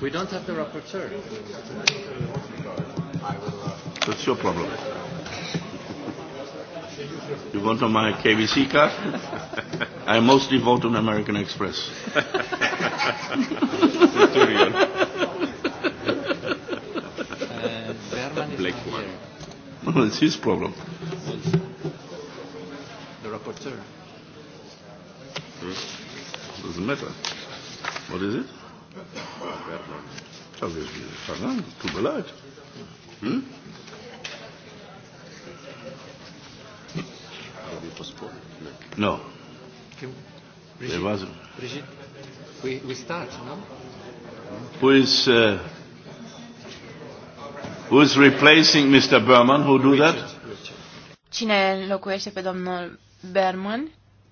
We don't have the rapporteur. That's your problem. You want on my KBC card? I mostly vote on American Express. Black one. Well, it's his problem chapter. Hmm? Doesn't matter. What is it? Obviously, wir fangen an. Tut mir No. Brigitte, was Brigitte, we, we start, no? Who is, uh, who is replacing Mr. Berman? Who do Richard, that? Richard. Cine locuiește pe domnul Berman,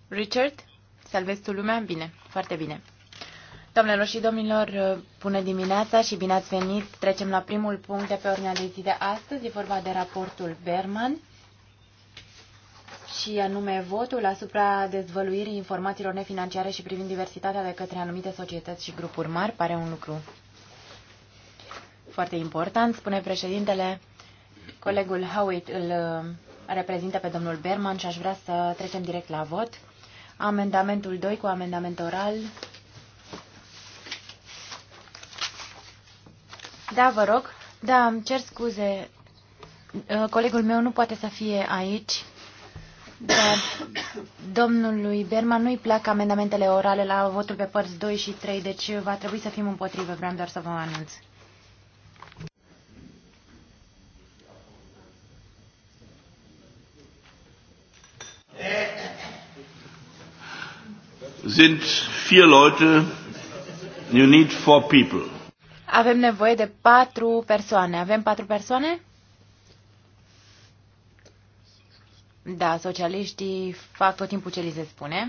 Richard, salvezi tu lumea? Bine, foarte bine. Doamnelor și domnilor, bună dimineața și bine ați venit. Trecem la primul punct de pe ordinea de zi de astăzi. E vorba de raportul Berman și anume votul asupra dezvăluirii informațiilor nefinanciare și privind diversitatea de către anumite societăți și grupuri mari. Pare un lucru foarte important, spune președintele. Colegul Howitt îl reprezintă pe domnul Berman și aș vrea să trecem direct la vot. Amendamentul 2 cu amendament oral. Da, vă rog. Da, îmi cer scuze. Uh, colegul meu nu poate să fie aici, dar domnului Berman nu-i plac amendamentele orale la votul pe părți 2 și 3, deci va trebui să fim împotrivă. Vreau doar să vă anunț. sind vier Leute. You need four people. Avem nevoie de patru persoane. Avem patru persoane? Da, socialiștii fac tot timpul ce li se spune.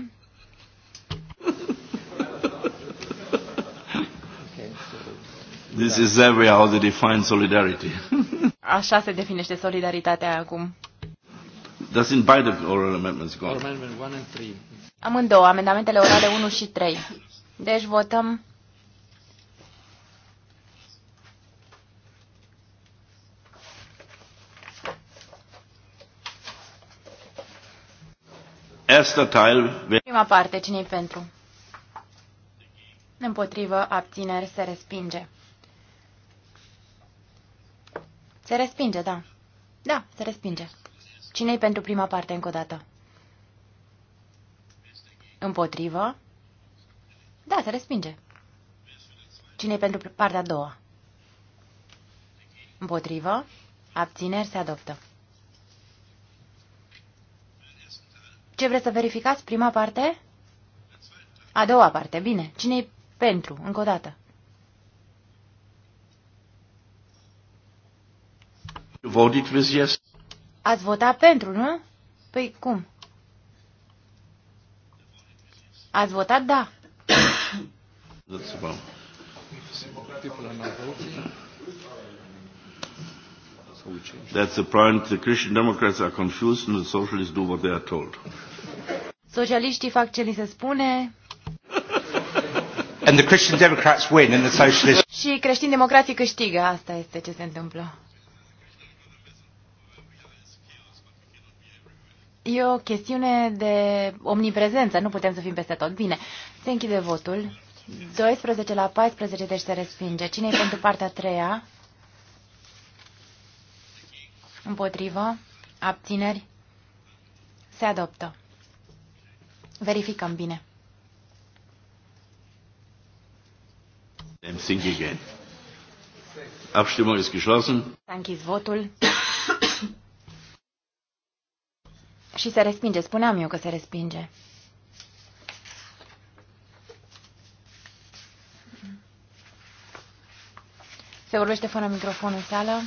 This is every how they define solidarity. Așa se definește solidaritatea acum. Das sind beide oral amendments gone. Amendment 1 and 3. Amândouă, amendamentele orale 1 și 3. Deci votăm Prima parte, cine pentru? Împotrivă, abțineri, se respinge. Se respinge, da. Da, se respinge. cine pentru prima parte încă o dată? Împotrivă? Da, se respinge. cine e pentru partea a doua? Împotrivă? Abțineri se adoptă. Ce vreți să verificați? Prima parte? A doua parte, bine. cine e pentru? Încă o dată. Ați votat pentru, nu? Păi cum? Ați votat da. That's That's the point. The Christian Democrats are confused and the socialists do what they are told. Socialiștii fac ce li se spune. and the Christian Democrats win and the socialists... Și creștini democrații câștigă. Asta este ce se întâmplă. E o chestiune de omniprezență, nu putem să fim peste tot. Bine, se închide votul. 12 la 14, deci se respinge. Cine e pentru partea a treia? Împotrivă? Abțineri? Se adoptă. Verificăm bine. Abstimmung ist geschlossen. S-a închis votul. Și se respinge. Spuneam eu că se respinge. Se vorbește fără microfon în sală.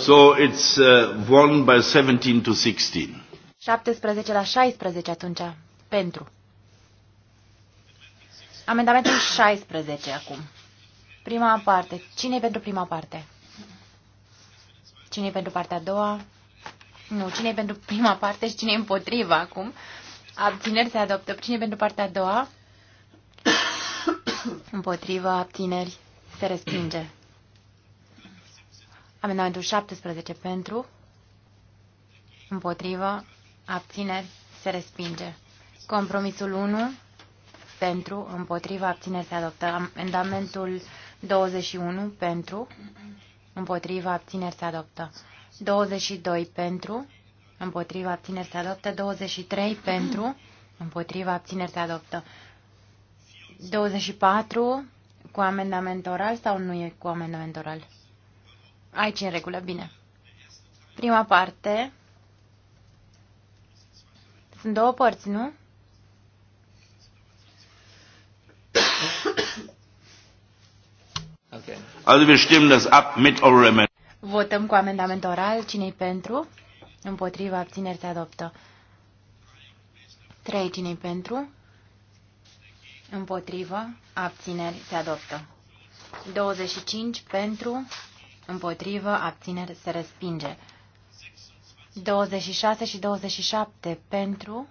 So it's uh, won by 17 to 16. 17 la 16 atunci. Pentru. Amendamentul 16 acum. Prima parte. cine e pentru prima parte? cine e pentru partea a doua, nu, cine e pentru prima parte și cine e împotriva acum, abțineri se adoptă, cine e pentru partea a doua, împotriva, abțineri, se respinge. Amendamentul 17 pentru, împotriva, abțineri, se respinge. Compromisul 1 pentru, împotriva, abțineri, se adoptă. Amendamentul 21 pentru, împotriva abțineri se adoptă. 22 pentru, împotriva abțineri se adoptă. 23 pentru, împotriva abțineri se adoptă. 24 cu amendament oral sau nu e cu amendament oral? Aici în regulă, bine. Prima parte. Sunt două părți, nu? Also wir stimmen das ab mit oral amendment. Votăm cu amendament oral. cine pentru? Împotriva abțineri se adoptă. 3. cine pentru? Împotriva abțineri se adoptă. 25. Pentru? Împotriva abțineri se respinge. 26 și 27. Pentru?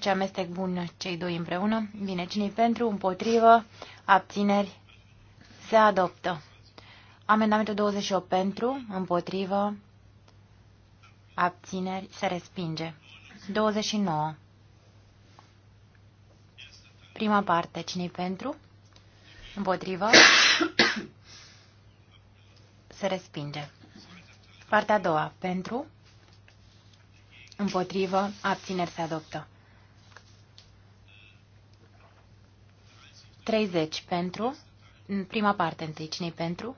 Ce amestec bun cei doi împreună. Bine, cine pentru, împotrivă, abțineri, se adoptă. Amendamentul 28 pentru, împotrivă, abțineri, se respinge. 29. Prima parte, cine pentru, împotrivă, se respinge. Partea a doua, pentru, împotrivă, abțineri, se adoptă. 30 pentru, în prima parte întâi, cine pentru?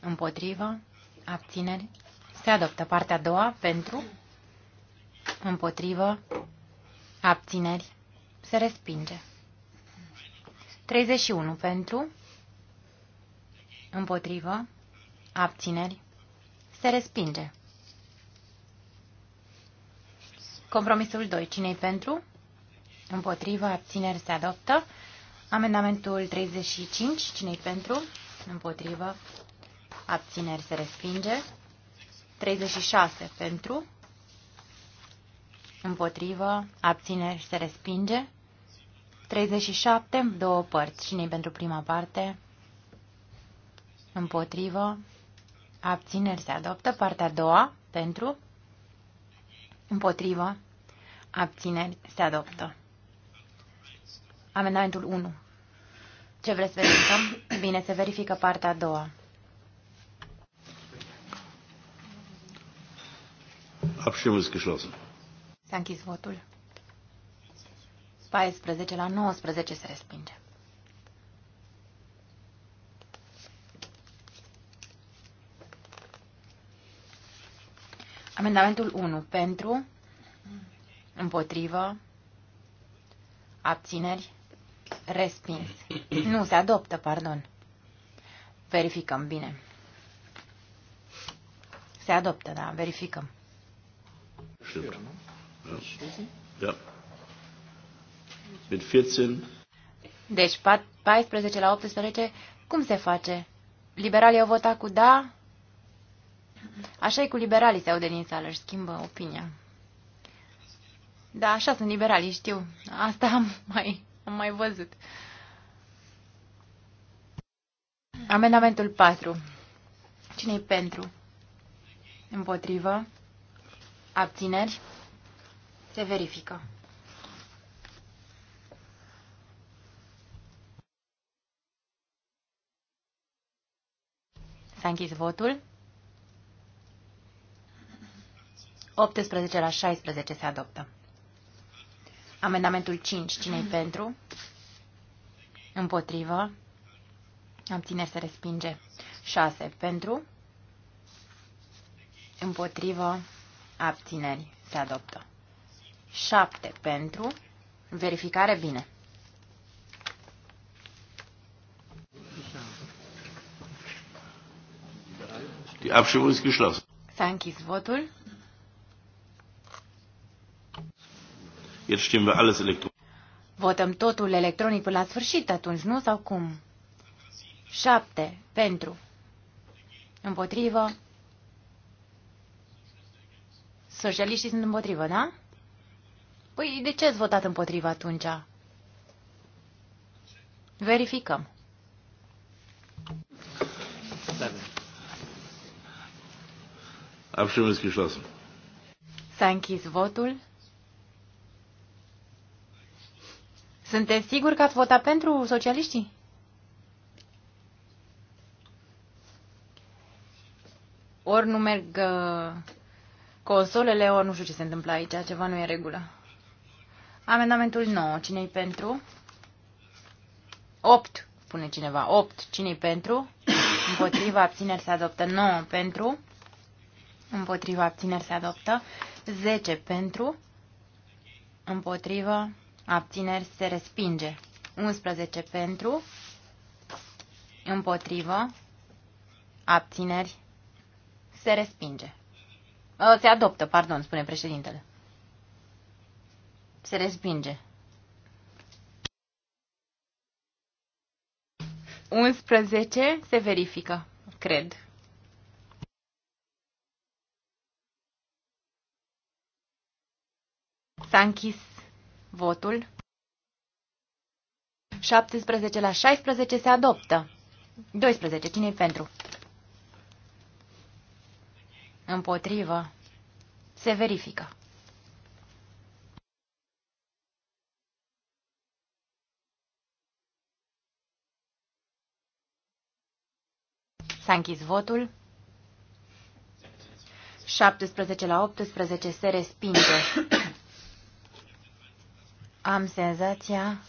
Împotrivă, abțineri, se adoptă. Partea a doua, pentru, împotrivă, abțineri, se respinge. 31 pentru, împotrivă, abțineri, se respinge. Compromisul 2. cine pentru? Împotrivă, abțineri, se adoptă. Amendamentul 35, cine-i pentru? Împotrivă. Abțineri se respinge. 36 pentru. Împotrivă. Abțineri se respinge. 37, două părți. Cine-i pentru prima parte? Împotrivă. Abțineri se adoptă. Partea a doua, pentru. Împotrivă. Abțineri se adoptă. Amendamentul 1. Ce vreți să verificăm? Bine, se verifică partea a doua. Abstimul este închis. S-a închis votul. 14 la 19 se respinge. Amendamentul 1. Pentru, împotrivă, abțineri, Respins. Nu, se adoptă, pardon. Verificăm, bine. Se adoptă, da, verificăm. Da. 14. Deci 14 la 18, cum se face? Liberalii au votat cu da? Așa e cu liberalii, se aude din sală, își schimbă opinia. Da, așa sunt liberalii, știu. Asta mai am mai văzut. Amendamentul 4. Cine-i pentru? Împotrivă? Abțineri? Se verifică. S-a închis votul. 18 la 16 se adoptă. Amendamentul 5. cine e pentru? Împotrivă. Abțineri se respinge. 6. Pentru. Împotrivă. Abțineri se adoptă. 7. Pentru. Verificare bine. S-a închis votul. Jetzt stimmen wir alles elektronisch. Votăm totul electronic până la sfârșit atunci, nu? Sau cum? 7. Pentru. Împotrivă. Socialiștii sunt împotrivă, da? Păi de ce ați votat împotrivă atunci? Verificăm. Abstimmung ist geschlossen. S-a închis votul. Sunteți siguri că ați votat pentru socialiștii? Ori nu merg uh, consolele, ori nu știu ce se întâmplă aici, ceva nu e regulă. Amendamentul 9, cine-i pentru? 8, spune cineva. 8, cine-i pentru? Împotriva abțineri se adoptă 9 pentru. Împotriva abțineri se adoptă 10 pentru. Împotriva abțineri se respinge. 11 pentru, împotrivă, abțineri se respinge. Ă, se adoptă, pardon, spune președintele. Se respinge. 11 se verifică, cred. S-a închis votul. 17 la 16 se adoptă. 12. cine pentru? Împotrivă. Se verifică. S-a închis votul. 17 la 18 se respinge. Am senzația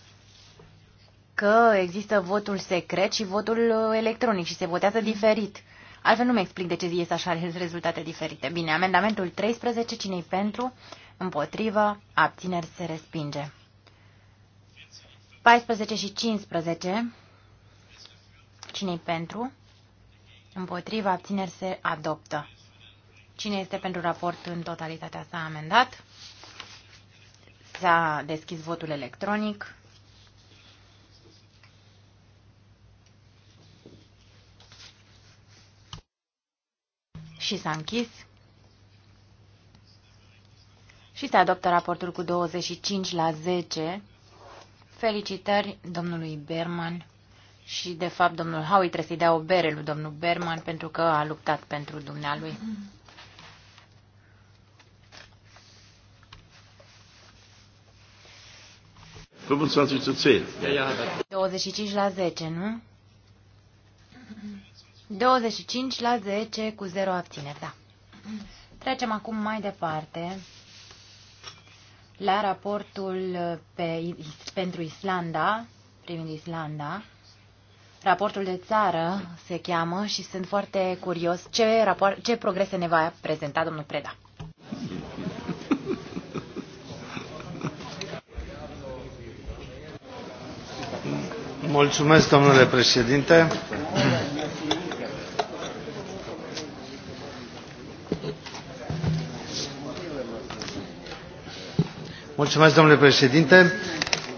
că există votul secret și votul uh, electronic și se votează diferit. Altfel nu-mi explic de ce ies așa rezultate diferite. Bine, amendamentul 13, cine pentru? Împotrivă, abțineri se respinge. 14 și 15, cine pentru? Împotrivă, abțineri se adoptă. Cine este pentru raport în totalitatea sa amendat? S-a deschis votul electronic. Și s-a închis. Și se adoptă raportul cu 25 la 10. Felicitări domnului Berman și, de fapt, domnul Howie trebuie să-i dea o bere lui domnul Berman pentru că a luptat pentru dumnealui. Mm-hmm. 25 zu 10. 25 la 10, nu? 25 la 10 cu 0 abțineri, da. Trecem acum mai departe la raportul pe, pentru Islanda, privind Islanda. Raportul de țară se cheamă și sunt foarte curios ce, rapor, ce progrese ne va prezenta domnul Preda. Mulțumesc, domnule președinte. Mulțumesc, domnule președinte.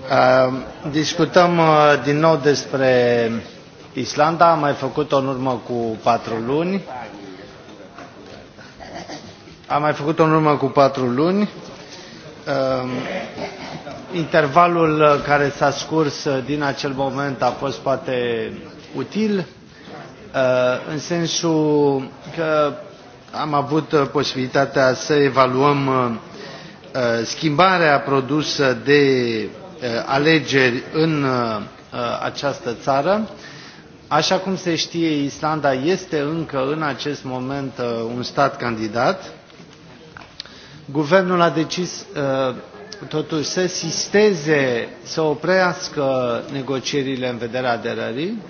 Uh, discutăm uh, din nou despre Islanda. Am mai făcut-o în urmă cu patru luni. Am mai făcut-o în urmă cu patru luni uh, intervalul uh, care s-a scurs uh, din acel moment a fost poate util, uh, în sensul că am avut posibilitatea să evaluăm schimbarea produsă de alegeri în această țară. Așa cum se știe, Islanda este încă în acest moment un stat candidat. Guvernul a decis totuși să sisteze, să oprească negocierile în vederea aderării,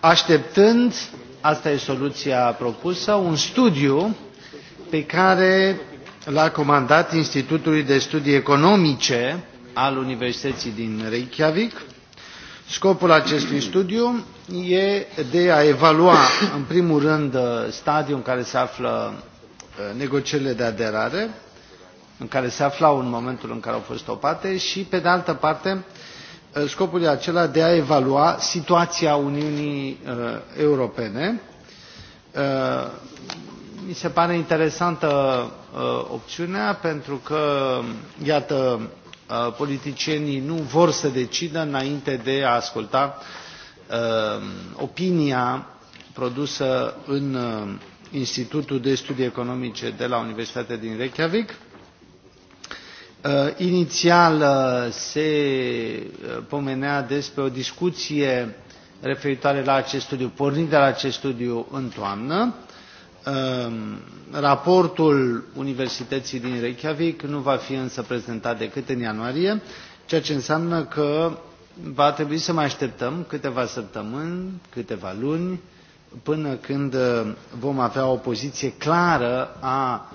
așteptând, asta e soluția propusă, un studiu pe care l-a comandat Institutului de Studii Economice al Universității din Reykjavik. Scopul acestui studiu e de a evalua, în primul rând, stadiul în care se află uh, negocierile de aderare, în care se aflau în momentul în care au fost stopate și, pe de altă parte, eh, scopul e acela de a evalua situația Uniunii eh, Europene. Eh, mi se pare interesantă opțiunea pentru că, iată, politicienii nu vor să decidă înainte de a asculta opinia produsă în Institutul de Studii Economice de la Universitatea din Reykjavik Uh, inițial uh, se uh, pomenea despre o discuție referitoare la acest studiu, pornind de la acest studiu în toamnă. Um, raportul Universității din Reykjavik nu va fi însă prezentat decât în ianuarie, ceea ce înseamnă că va trebui să mai așteptăm câteva săptămâni, câteva luni, până când vom avea o poziție clară a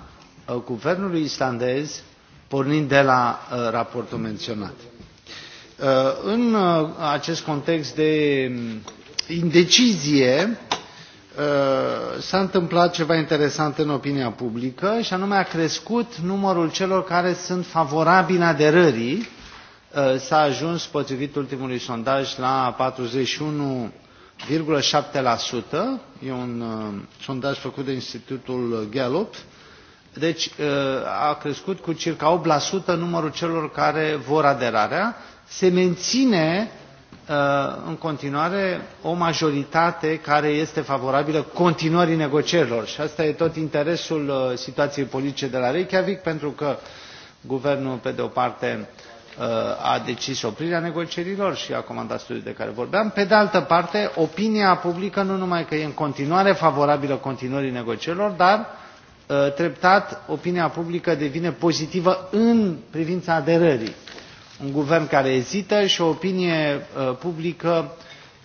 guvernului islandez pornind de la uh, raportul menționat. Uh, în uh, acest context de um, indecizie s-a întâmplat ceva interesant în opinia publică și anume a crescut numărul celor care sunt favorabili aderării. S-a ajuns, potrivit ultimului sondaj, la 41 1,7%, e un uh, sondaj făcut de Institutul Gallup deci uh, a crescut cu circa 8% numărul celor care vor aderarea. Se menține uh, în continuare o majoritate care este favorabilă continuării negocierilor și asta e tot interesul uh, situației politice de la Reykjavik pentru că guvernul pe de o parte a decis oprirea negocierilor și a comandat studiul de care vorbeam. Pe de altă parte, opinia publică nu numai că e în continuare favorabilă continuării negocierilor, dar Uh, treptat opinia publică devine pozitivă în privința aderării. Un guvern care ezită și o opinie uh, publică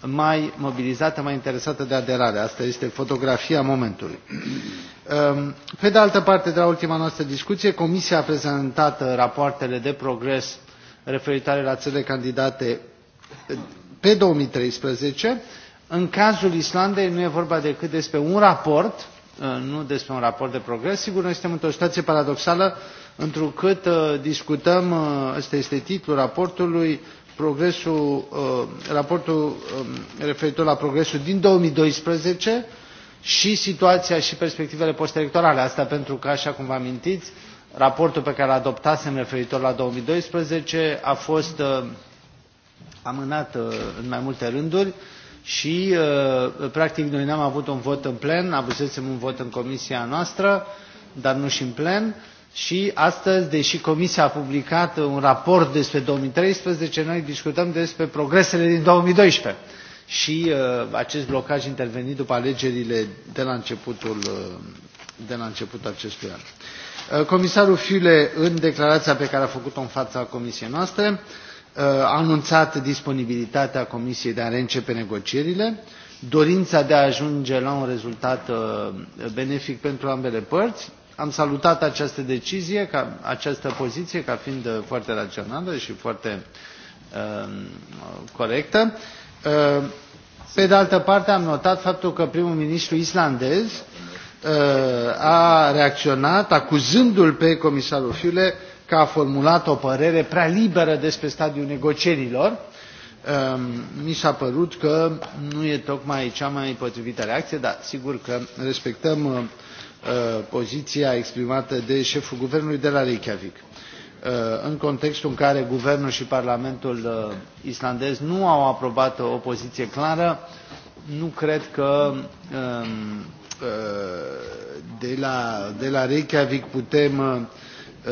mai mobilizată, mai interesată de aderare. Asta este fotografia momentului. Um, pe de altă parte, de la ultima noastră discuție, Comisia a prezentat uh, rapoartele de progres referitoare la țările candidate pe 2013. În cazul Islandei nu e vorba decât despre un raport Uh, nu despre un raport de progres. Sigur, noi suntem într-o situație paradoxală, întrucât uh, discutăm, uh, ăsta este titlul raportului, progresul, raportul um, referitor la progresul din 2012 și situația și perspectivele postelectorale. Asta pentru că, așa cum vă amintiți, raportul pe care l adoptasem referitor la 2012 a fost amânat în mai multe rânduri și uh, practic noi n-am avut un vot în plen, avusesem un vot în comisia noastră, dar nu și în plen. Și astăzi, deși Comisia a publicat un raport despre 2013, noi discutăm despre progresele din 2012 și uh, acest blocaj intervenit după alegerile de la începutul, uh, de la începutul acestui an. Uh, comisarul Fiule, în declarația pe care a făcut-o în fața Comisiei noastre, uh, Uh, a anunțat disponibilitatea Comisiei de a reîncepe negocierile, dorința de a ajunge la un rezultat uh, benefic pentru ambele părți. Am salutat această decizie, această poziție, ca fiind uh, foarte rațională și foarte um, corectă. pe de altă parte, am notat faptul că primul ministru islandez a reacționat acuzându-l pe comisarul Fiule că a formulat o părere prea liberă despre stadiul negocierilor. Ehm, mi s-a părut că nu e tocmai cea mai potrivită reacție, dar sigur că respectăm ehm, eh, poziția exprimată de șeful guvernului de la Reykjavik. Eh, în contextul în care guvernul și Parlamentul eh, islandez nu au aprobat o poziție clară, nu cred că ehm, de la, de la Reykjavik putem Uh,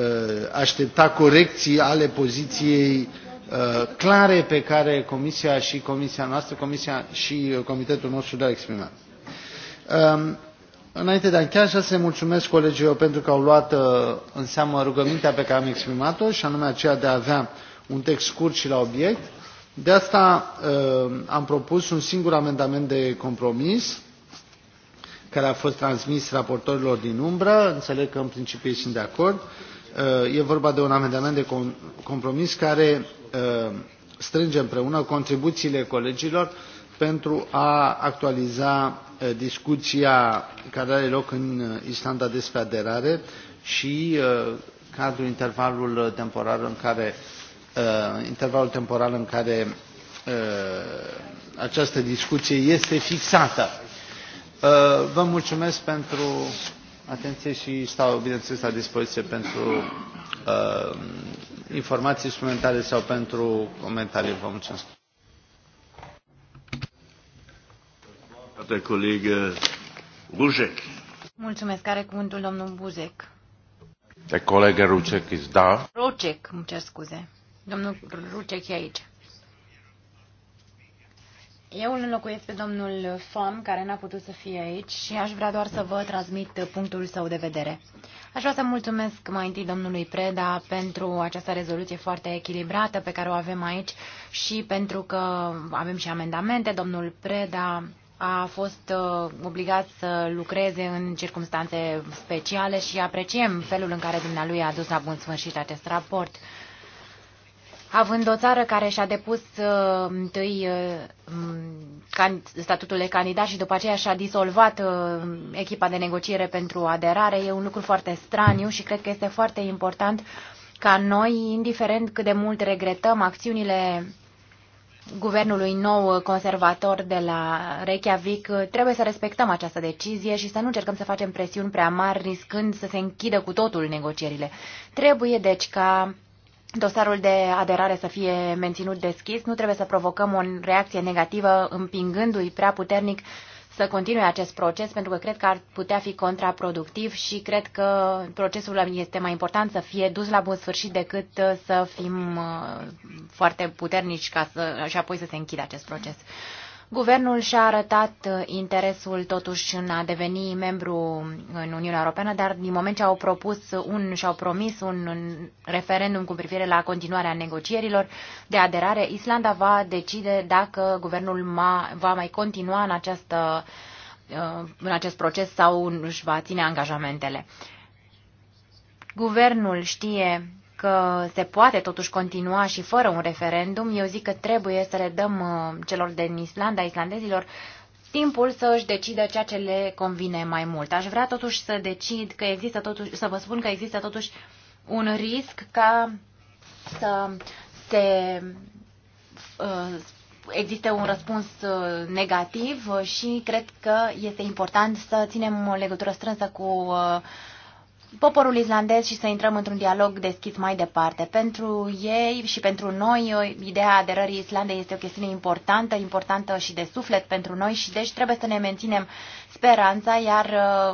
aștepta corecții ale poziției uh, clare pe care Comisia și Comisia noastră, Comisia și uh, Comitetul nostru le-au exprimat. Um, înainte de a încheia, aș vrea să mulțumesc colegilor pentru că au luat în seamă rugămintea pe care am exprimat-o, și anume aceea de a avea un text scurt și la obiect. De asta am propus un singur amendament de compromis care a fost transmis raportorilor din umbră. Înțeleg că în principiu ei sunt de acord. Uh, Uh, e vorba de un amendament de compromis care uh, strânge împreună contribuțiile colegilor pentru a actualiza uh, discuția care are loc în Islanda despre aderare și cadrul intervalul temporar în care intervalul temporal în care această discuție este fixată. Vă mulțumesc pentru atenție și stau, bineînțeles, la dispoziție pentru uh, informații suplimentare sau pentru comentarii. Vă mulțumesc. Mulțumesc. Are cuvântul domnul Buzec. De colegă Rucek da. Rucek, îmi cer scuze. Domnul Rucek e aici. Eu îl înlocuiesc pe domnul Fom, care n-a putut să fie aici și aș vrea doar să vă transmit punctul său de vedere. Aș vrea să mulțumesc mai întâi domnului Preda pentru această rezoluție foarte echilibrată pe care o avem aici și pentru că avem și amendamente. Domnul Preda a fost uh, obligat să lucreze în circunstanțe speciale și apreciem felul în care dumnealui a dus la bun sfârșit acest raport având o țară care și-a depus uh, întâi uh, statutul de candidat și după aceea și-a disolvat uh, echipa de negociere pentru aderare, e un lucru foarte straniu și cred că este foarte important ca noi, indiferent cât de mult regretăm acțiunile guvernului nou uh, conservator de la Reykjavik, uh, trebuie să respectăm această decizie și să nu încercăm să facem presiuni prea mari, riscând să se închidă cu totul negocierile. Trebuie, deci, ca dosarul de aderare să fie menținut deschis. Nu trebuie să provocăm o reacție negativă împingându-i prea puternic să continue acest proces, pentru că cred că ar putea fi contraproductiv și cred că procesul este mai important să fie dus la bun sfârșit decât uh, să fim uh, foarte puternici ca să, și apoi să se închidă acest proces. Guvernul și-a arătat uh, interesul totuși în a deveni membru în Uniunea Europeană, dar din moment ce au propus un, și-au promis un referendum cu privire la continuarea negocierilor de aderare, Islanda va decide dacă guvernul ma, va mai continua în, această, uh, în acest proces sau își va ține angajamentele. Guvernul știe că se poate totuși continua și fără un referendum, eu zic că trebuie să le dăm uh, celor din Islanda, islandezilor, timpul să își decidă ceea ce le convine mai mult. Aș vrea totuși să decid că există totuși, să vă spun că există totuși un risc ca să se uh, Există un răspuns uh, negativ și cred că este important să ținem o legătură strânsă cu poporul islandez și să intrăm într-un dialog deschis mai departe. Pentru ei și pentru noi, ideea aderării Islandei este o chestiune importantă, importantă și de suflet pentru noi și deci trebuie să ne menținem speranța, iar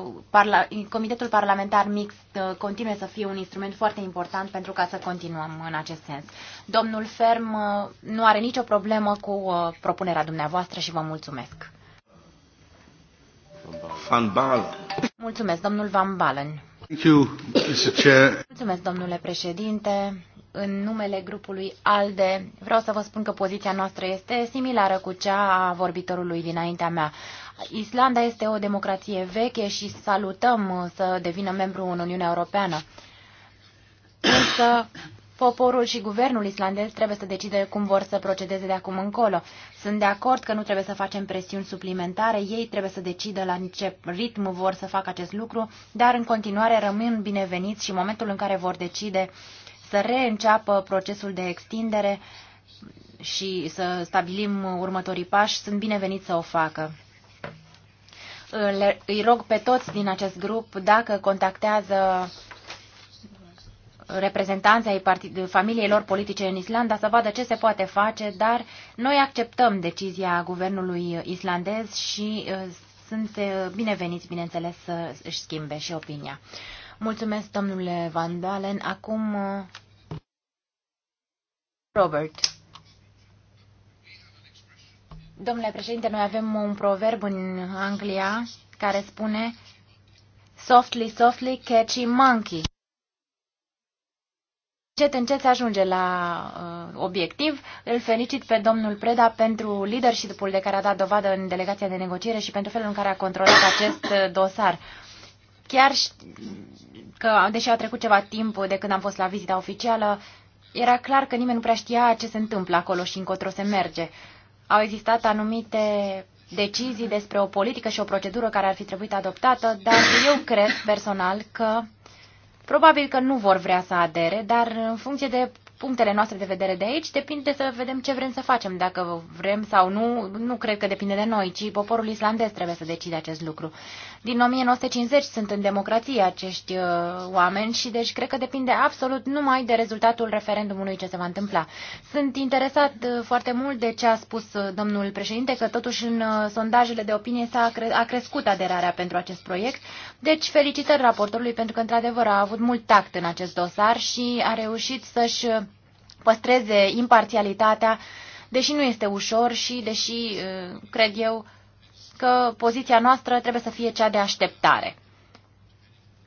uh, parla Comitetul Parlamentar Mixt uh, continuă să fie un instrument foarte important pentru ca să continuăm în acest sens. Domnul Ferm uh, nu are nicio problemă cu propunerea dumneavoastră și vă mulțumesc. Van Balen. Mulțumesc, domnul Van Balen. Mulțumesc, domnule președinte. În numele grupului ALDE vreau să vă spun că poziția noastră este similară cu cea a vorbitorului dinaintea mea. Islanda este o democrație veche și salutăm să devină membru în Uniunea Europeană. Însă Poporul și guvernul islandez trebuie să decide cum vor să procedeze de acum încolo. Sunt de acord că nu trebuie să facem presiuni suplimentare, ei trebuie să decidă la ce ritm vor să facă acest lucru, dar în continuare rămân bineveniți și în momentul în care vor decide să reînceapă procesul de extindere și să stabilim următorii pași, sunt bineveniți să o facă. Le, îi rog pe toți din acest grup dacă contactează reprezentanții ai familiilor politice în Islanda să vadă ce se poate face, dar noi acceptăm decizia guvernului islandez și uh, sunt uh, bineveniți, bineînțeles, să își schimbe și opinia. Mulțumesc, domnule Van Dalen. Acum, uh, Robert. Domnule președinte, noi avem un proverb în Anglia care spune Softly, softly, catchy monkey încet, încet se ajunge la uh, obiectiv. Îl felicit pe domnul Preda pentru leadership-ul de care a dat dovadă în delegația de negociere și pentru felul în care a controlat acest uh, dosar. Chiar că, deși a trecut ceva timp de când am fost la vizita oficială, era clar că nimeni nu prea știa ce se întâmplă acolo și încotro se merge. Au existat anumite decizii despre o politică și o procedură care ar fi trebuit adoptată, dar eu cred personal că Probabil că nu vor vrea să adere, dar în funcție de punctele noastre de vedere de aici depinde să vedem ce vrem să facem, dacă vrem sau nu. Nu cred că depinde de noi, ci poporul islandez trebuie să decide acest lucru. Din 1950 sunt în democrație acești uh, oameni și deci cred că depinde absolut numai de rezultatul referendumului ce se va întâmpla. Sunt interesat uh, foarte mult de ce a spus uh, domnul președinte, că totuși în uh, sondajele de opinie s-a cre- a crescut aderarea pentru acest proiect. Deci felicitări raportorului pentru că într-adevăr a avut mult tact în acest dosar și a reușit să-și uh, păstreze imparțialitatea, deși nu este ușor și deși uh, cred eu că poziția noastră trebuie să fie cea de așteptare.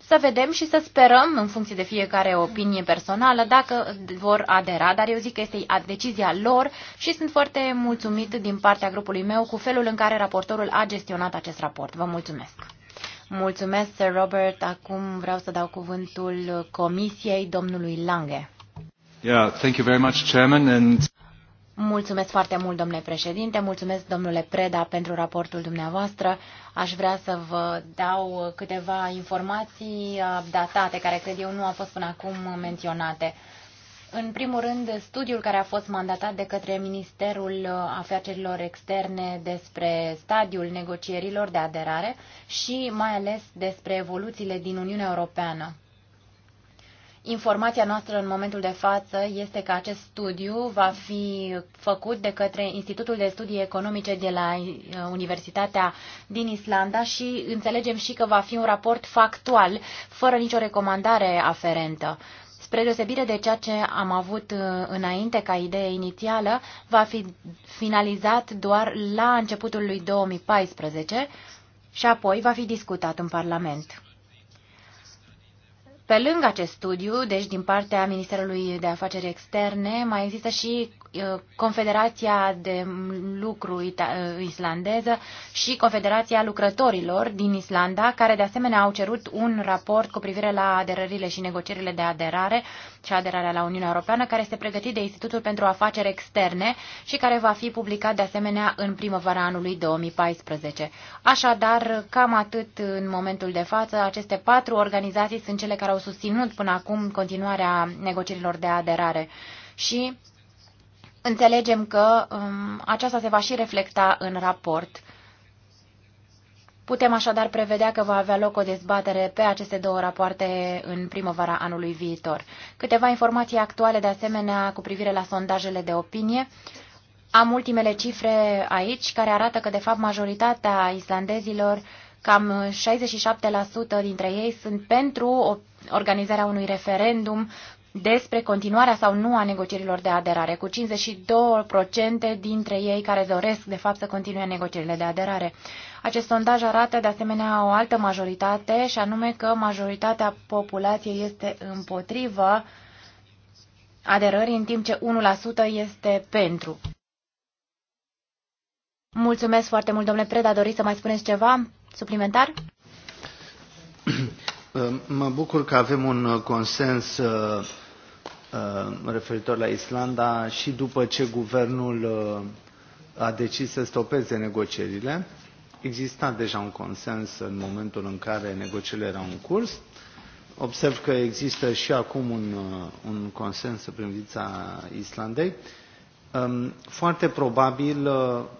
Să vedem și să sperăm, în funcție de fiecare opinie personală, dacă vor adera, dar eu zic că este decizia lor și sunt foarte mulțumit din partea grupului meu cu felul în care raportorul a gestionat acest raport. Vă mulțumesc! Mulțumesc, Sir Robert. Acum vreau să dau cuvântul Comisiei domnului Lange. Mulțumesc foarte mult, domnule președinte, mulțumesc, domnule Preda, pentru raportul dumneavoastră. Aș vrea să vă dau câteva informații uh, datate, care cred eu nu au fost până acum menționate. În primul rând, studiul care a fost mandatat de către Ministerul uh, Afacerilor Externe despre stadiul negocierilor de aderare și mai ales despre evoluțiile din Uniunea Europeană. Informația noastră în momentul de față este că acest studiu va fi făcut de către Institutul de Studii Economice de la uh, Universitatea din Islanda și înțelegem și că va fi un raport factual, fără nicio recomandare aferentă. Spre deosebire de ceea ce am avut uh, înainte ca idee inițială, va fi finalizat doar la începutul lui 2014 și apoi va fi discutat în Parlament. Pe lângă acest studiu, deci din partea Ministerului de Afaceri Externe, mai există și Confederația de Lucru Islandeză și Confederația Lucrătorilor din Islanda, care de asemenea au cerut un raport cu privire la aderările și negocierile de aderare și aderarea la Uniunea Europeană, care este pregătit de Institutul pentru Afaceri Externe și care va fi publicat de asemenea în primăvara anului 2014. Așadar, cam atât în momentul de față. Aceste patru organizații sunt cele care au susținut până acum continuarea negocierilor de aderare și înțelegem că um, aceasta se va și reflecta în raport. Putem așadar prevedea că va avea loc o dezbatere pe aceste două rapoarte în primăvara anului viitor. Câteva informații actuale de asemenea cu privire la sondajele de opinie. Am ultimele cifre aici care arată că de fapt majoritatea islandezilor, cam 67% dintre ei, sunt pentru organizarea unui referendum despre continuarea sau nu a negocierilor de aderare, cu 52% dintre ei care doresc, de fapt, să continue negocierile de aderare. Acest sondaj arată, de asemenea, o altă majoritate, și anume că majoritatea populației este împotrivă aderării, în timp ce 1% este pentru. Mulțumesc foarte mult, domnule Preda. Doriți să mai spuneți ceva suplimentar? Mă bucur că avem un consens uh, Uh, referitor la Islanda și după ce guvernul uh, a decis să stopeze negocierile. Exista deja un consens în momentul în care negocierile erau în curs. Observ că există și acum un, uh, un consens în privința Islandei. Um, foarte probabil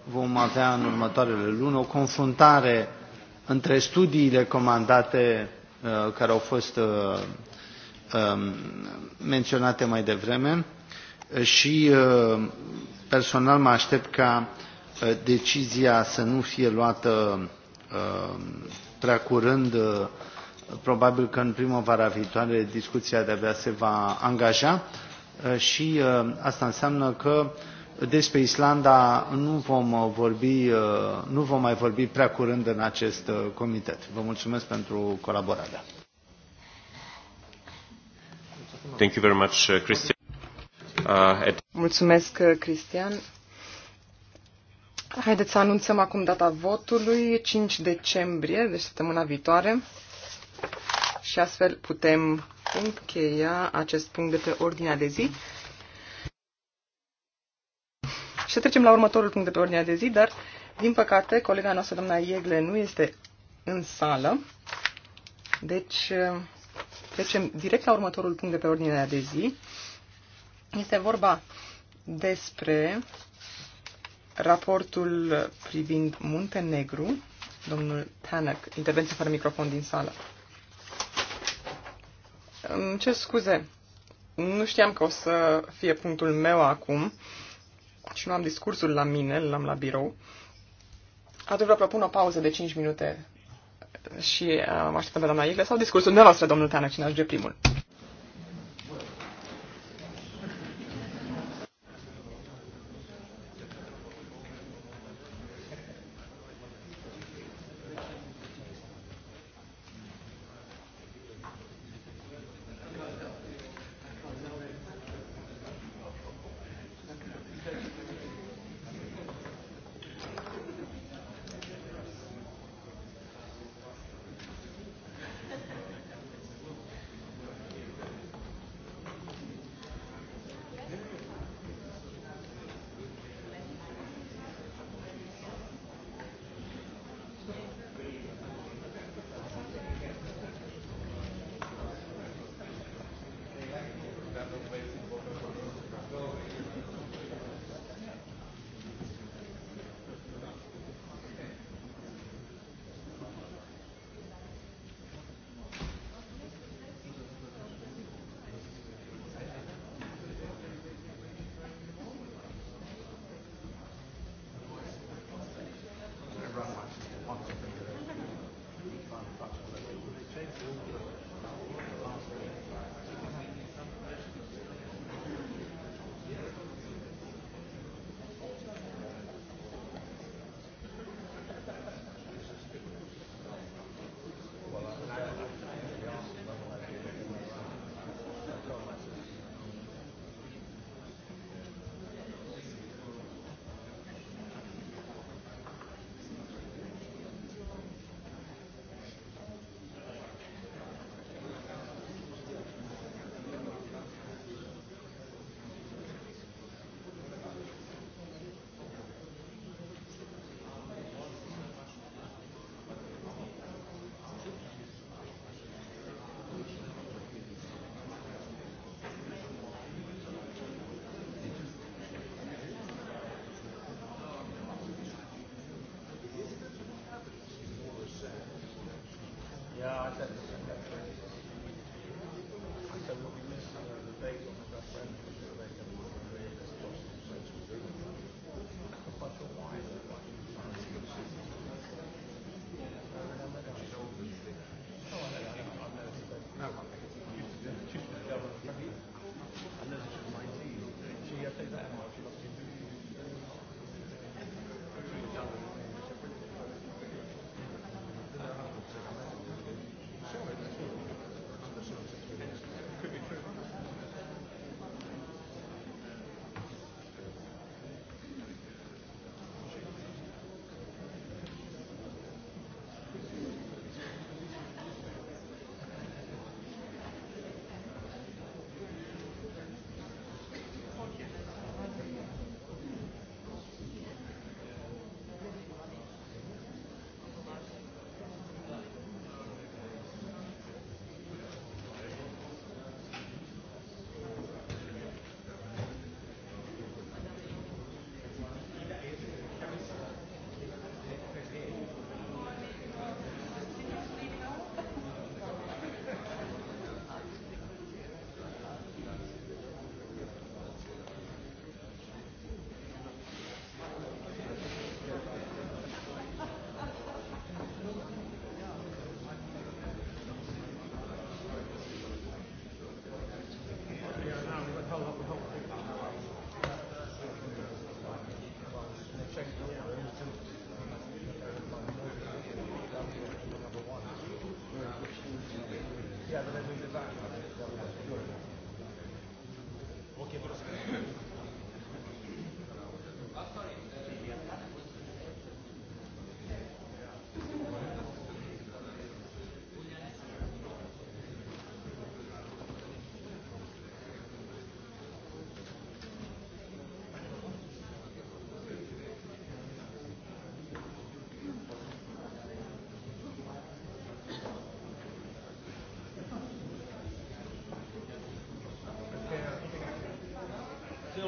vom avea în următoarele luni o confruntare între studiile comandate care au fost Um, menționate mai devreme uh, și uh, personal mă aștept ca uh, decizia să nu fie luată prea curând. Probabil că în primăvara viitoare discuția de-abia se va angaja și asta înseamnă că despre Islanda nu vom, vorbi, nu vom mai vorbi prea curând în acest comitet. Vă mulțumesc pentru colaborarea. Thank you very much, uh, Christian. Uh, at... Mulțumesc, uh, Cristian. Haideți să anunțăm acum data votului, 5 decembrie, deci săptămâna viitoare. Și astfel putem încheia acest punct de pe ordinea de zi. Și să trecem la următorul punct de pe ordinea de zi, dar, din păcate, colega noastră, doamna Iegle, nu este în sală. Deci, uh, Trecem direct la următorul punct de pe ordinea de zi. Este vorba despre raportul privind Muntenegru, domnul Tanak, intervenție fără microfon din sală. Îmi cer scuze, nu știam că o să fie punctul meu acum și nu am discursul la mine, l-am la birou. Atunci vă propun o pauză de 5 minute și uh, mă așteptăm pe doamna Igle sau discursul dumneavoastră, domnul Teană, cine ajunge primul.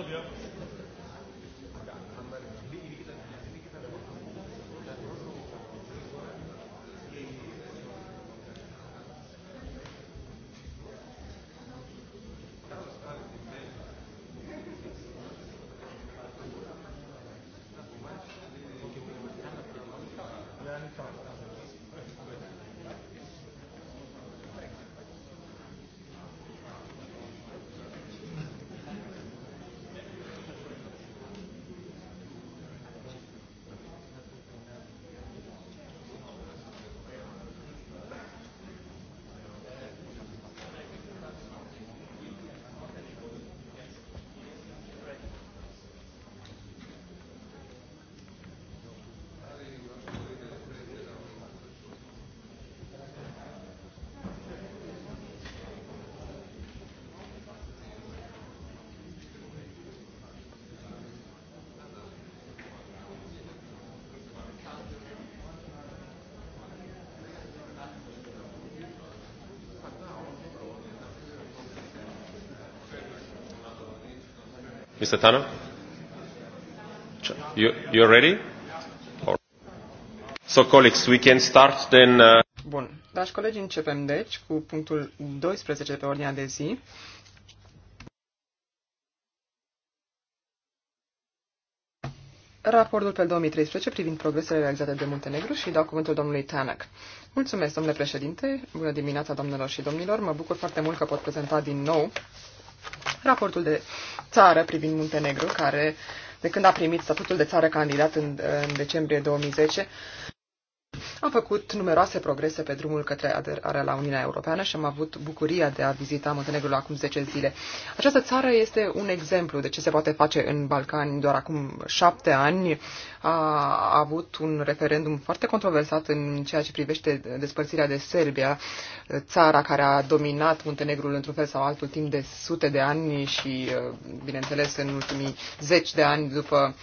Claudia. Mr. Tanner? You, you're ready? Or... So, colleagues, we can start then... Uh... Bun. Dragi colegi, începem deci cu punctul 12 pe ordinea de zi. raportul pe 2013 privind progresele realizate de Muntenegru și dau cuvântul domnului Tanak. Mulțumesc, domnule președinte, bună dimineața, domnilor și domnilor, mă bucur foarte mult că pot prezenta din nou raportul de țară privind Muntenegru, care de când a primit statutul de țară candidat în, în decembrie 2010, am făcut numeroase progrese pe drumul către aderarea la Uniunea Europeană și am avut bucuria de a vizita Muntenegru acum 10 zile. Această țară este un exemplu de ce se poate face în Balcani. Doar acum șapte ani a avut un referendum foarte controversat în ceea ce privește despărțirea de Serbia, țara care a dominat Muntenegrul într-un fel sau altul timp de sute de ani și, bineînțeles, în ultimii zeci de ani după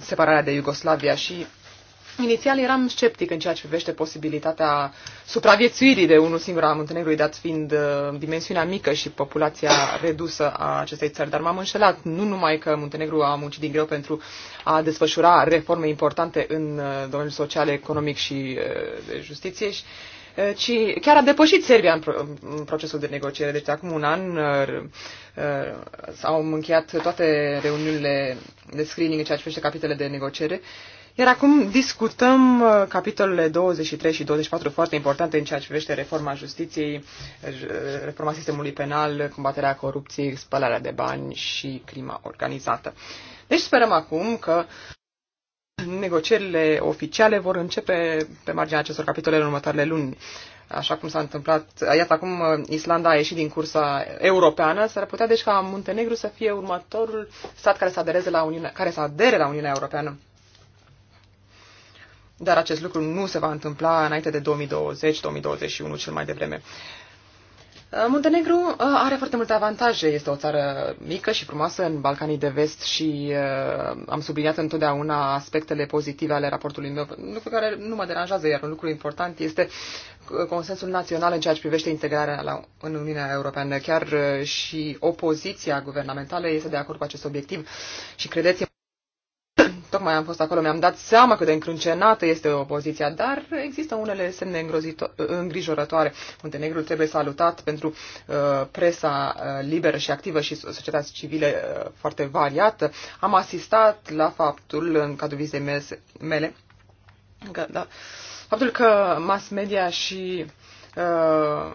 separarea de Iugoslavia și Inițial eram sceptic în ceea ce privește posibilitatea supraviețuirii de unul singur a Muntenegrului, dat fiind uh, dimensiunea mică și populația redusă a acestei țări. Dar m-am înșelat. Nu numai că Muntenegru a muncit din greu pentru a desfășura reforme importante în uh, domeniul social, economic și uh, de justiție, ci chiar a depășit Serbia în, procesul de negociere. Deci de acum un an s-au încheiat toate reuniunile de screening în ceea ce privește capitele de negociere iar acum discutăm uh, capitolele 23 și 24 foarte importante în ceea ce privește reforma justiției, reforma sistemului penal, combaterea corupției, spălarea de bani și crima organizată. Deci sperăm acum că negocierile oficiale vor începe pe marginea acestor capitole în următoarele luni. Așa cum s-a întâmplat, iată acum uh, Islanda a ieșit din cursa europeană, s-ar putea deci ca Muntenegru să fie următorul stat care să, adereze la Uniunea, care să adere la Uniunea Europeană dar acest lucru nu se va întâmpla înainte de 2020-2021 cel mai devreme. Uh, Muntenegru uh, are foarte multe avantaje. Este o țară mică și frumoasă în Balcanii de Vest și uh, am subliniat întotdeauna aspectele pozitive ale raportului meu, lucru care nu mă deranjează, iar un lucru important este consensul național în ceea ce privește integrarea la, în Uniunea Europeană. Chiar și opoziția guvernamentală este de acord cu acest obiectiv și credeți tocmai am fost acolo, mi-am dat seama cât de încrâncenată este opoziția, dar există unele semne îngrijorătoare. Muntenegru trebuie salutat pentru uh, presa uh, liberă și activă și societatea civilă uh, foarte variată. Am asistat la faptul, în cadrul vizei mele, mele că, da, faptul că mass media și uh,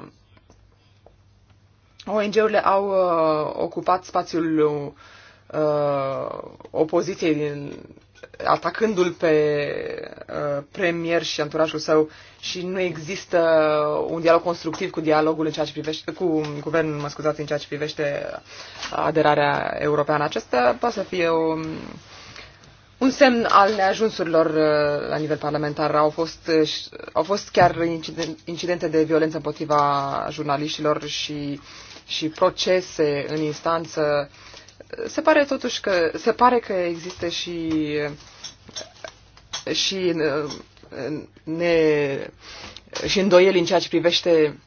ONG-urile au uh, ocupat spațiul uh, opoziției din atacându-l pe uh, premier și anturajul său și nu există un dialog constructiv cu dialogul în ceea ce privește, cu guvernul, mă scuzați, în ceea ce privește aderarea europeană. Acesta poate să fie o, un semn al neajunsurilor uh, la nivel parlamentar. Au fost, uh, au fost chiar incidente de violență împotriva jurnaliștilor și, și procese în instanță se pare totuși că se pare că există și și ne și îndoieli în ceea ce privește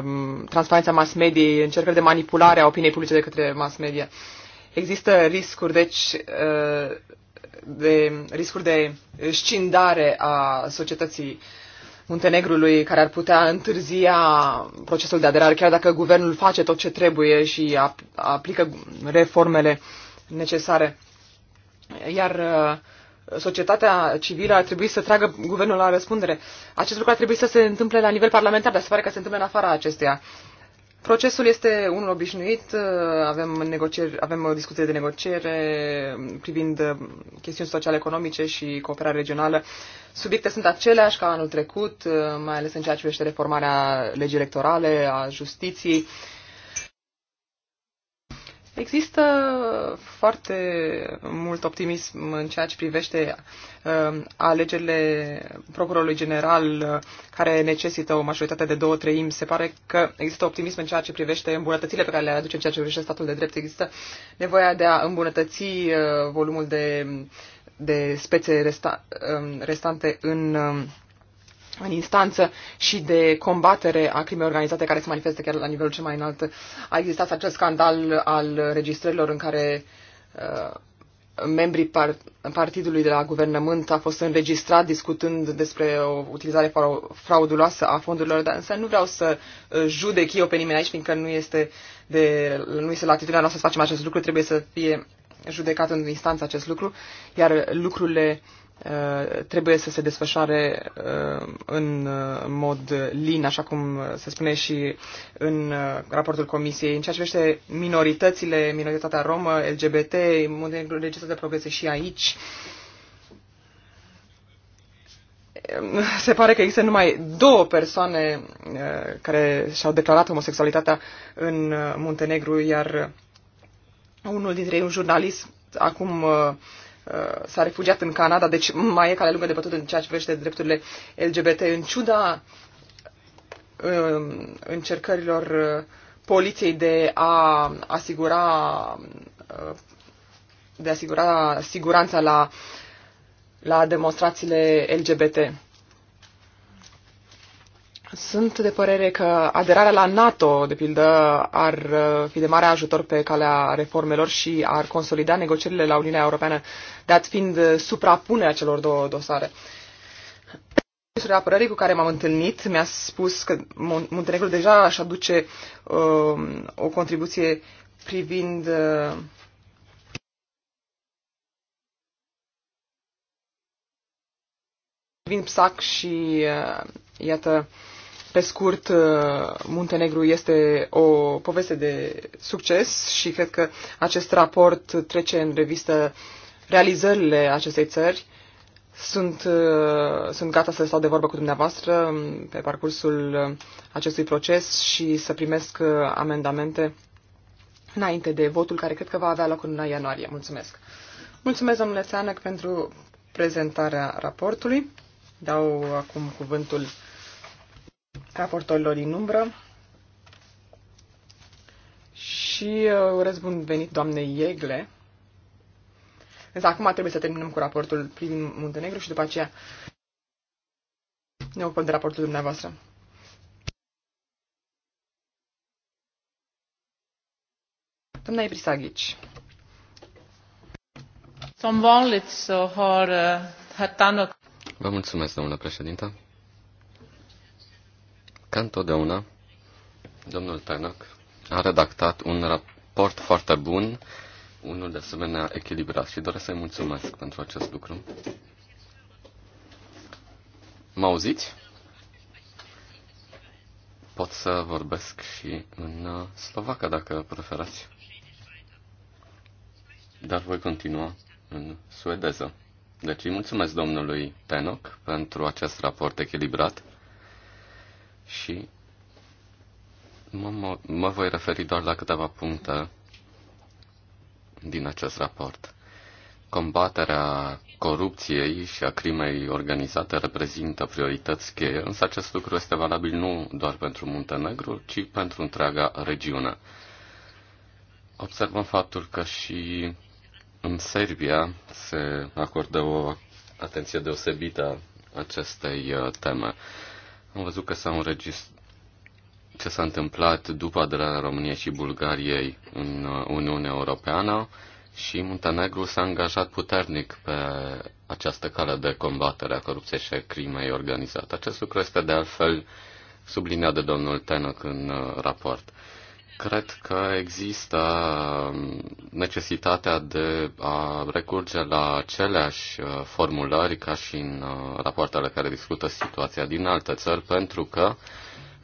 um, transparența mass mediei, încercări de manipulare a opiniei publice de către mass media. Există riscuri, deci, uh, de riscuri de scindare a societății uh, Muntenegrului care ar putea întârzia procesul de aderare, chiar dacă guvernul face tot ce trebuie și aplică reformele necesare. Iar uh, societatea civilă ar trebui să tragă guvernul la răspundere. Acest lucru ar trebui să se întâmple la nivel parlamentar, dar se pare că se întâmplă în afara acestuia. Procesul este unul obișnuit, avem, negocieri, avem o discuție de negociere privind chestiuni sociale, economice și cooperare regională. Subiecte sunt aceleași ca anul trecut, mai ales în ceea ce privește reformarea legii electorale, a justiției Există foarte mult optimism în ceea ce privește uh, alegerile procurorului general uh, care necesită o majoritate de două treimi. Se pare că există optimism în ceea ce privește îmbunătățile pe care le aduce în ceea ce privește statul de drept. Există nevoia de a îmbunătăți uh, volumul de, de spețe resta, uh, restante în. Uh, în instanță și de combatere a crimei organizate care se manifestă chiar la nivelul cel mai înalt. A existat acest scandal al registrărilor în care uh, membrii par- partidului de la guvernământ a fost înregistrat discutând despre o utilizare frauduloasă a fondurilor, dar însă nu vreau să uh, judec eu pe nimeni aici, fiindcă nu este, de, nu este latitudinea noastră să facem acest lucru, trebuie să fie judecat în instanță acest lucru, iar lucrurile uh, Uh, trebuie să se desfășoare uh, în uh, mod lin, așa cum se spune și în raportul Comisiei. În ceea ce privește minoritățile, minoritatea romă, LGBT, modelul de progrese și aici, um, se pare că există numai două persoane care și-au declarat homosexualitatea în Muntenegru, iar unul dintre ei, un jurnalist, acum Uh, s-a refugiat în Canada, deci mai e cale lungă de bătut în ceea ce privește drepturile LGBT, în ciuda um, încercărilor uh, poliției de a asigura uh, de a asigura siguranța la, la demonstrațiile LGBT. Sunt de părere că aderarea la NATO, de pildă, ar uh, fi de mare ajutor pe calea reformelor și ar consolida negocierile la Uniunea Europeană, dat fiind uh, suprapunerea celor două dosare. Ministrul apărării cu care m-am întâlnit mi-a spus că Muntenegru deja aș aduce uh, o contribuție privind uh, privind PSAC și uh, iată pe scurt, uh, Muntenegru este o poveste de succes și cred că acest raport trece în revistă realizările acestei țări. Sunt, uh, sunt gata să stau de vorbă cu dumneavoastră um, pe parcursul uh, acestui proces și să primesc amendamente înainte de votul care cred că va avea loc în ianuarie. Mulțumesc! Mulțumesc, domnule Țeanăc, pentru prezentarea raportului. Dau acum cuvântul raportorilor din umbră și uh, urez bun venit doamnei Iegle. Însă acum trebuie să terminăm cu raportul privind Muntenegru și după aceea ne ocupăm de raportul dumneavoastră. Doamna Ibrisagici. Eh, Vă mulțumesc, domnule președinte. Ca întotdeauna, domnul Tanak a redactat un raport foarte bun, unul de asemenea echilibrat și doresc să-i mulțumesc pentru acest lucru. Mă auziți? Pot să vorbesc și în slovacă, dacă preferați. Dar voi continua în suedeză. Deci îi mulțumesc domnului Tenok pentru acest raport echilibrat și mă, mă voi referi doar la câteva puncte din acest raport. Combaterea corupției și a crimei organizate reprezintă priorități cheie, însă acest lucru este valabil nu doar pentru Muntenegru, ci pentru întreaga regiune. Observăm faptul că și în Serbia se acordă o atenție deosebită acestei uh, teme. Am văzut că s-a înregistrat ce s-a întâmplat după aderarea României și Bulgariei în uh, Uniunea Europeană și Muntenegru s-a angajat puternic pe această cale de combatere a corupției și a crimei organizate. Acest lucru este de altfel subliniat de domnul Tenoc în uh, raport. Cred că există um, necesitatea de a recurge la aceleași uh, formulări ca și în uh, rapoartele care discută situația din alte țări, pentru că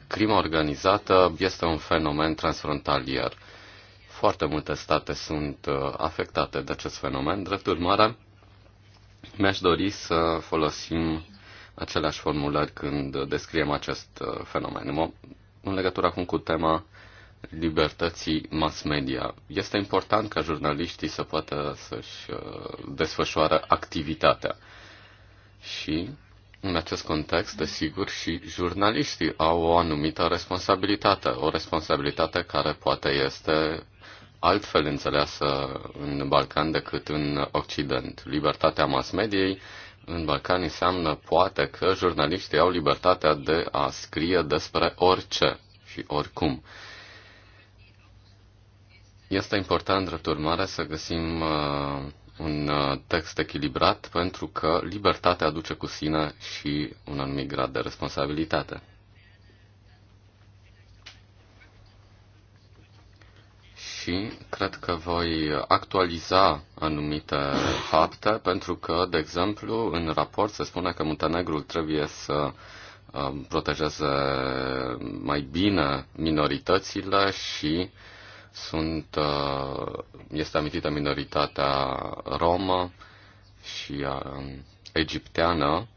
crima organizată este un fenomen transfrontalier. Foarte multe state sunt uh, afectate de acest fenomen. Drept urmare, mi-aș dori să folosim aceleași formulări când descriem acest fenomen. În legătură acum cu tema libertății mass media. Este important ca jurnaliștii să poată să-și uh, desfășoară activitatea. Și în acest context, desigur, și jurnaliștii au o anumită responsabilitate, o responsabilitate care poate este altfel înțeleasă în Balcan decât în Occident. Libertatea mass mediei în Balcan înseamnă poate că jurnaliștii au libertatea de a scrie despre orice și oricum. Este important, drept urmare, să găsim uh, un uh, text echilibrat pentru că libertatea aduce cu sine și un anumit grad de responsabilitate. și cred că voi actualiza anumite fapte, pentru că, de exemplu, în raport se spune că Muntenegrul trebuie să uh, protejeze mai bine minoritățile și sunt, uh, este amintită minoritatea romă și uh, egipteană.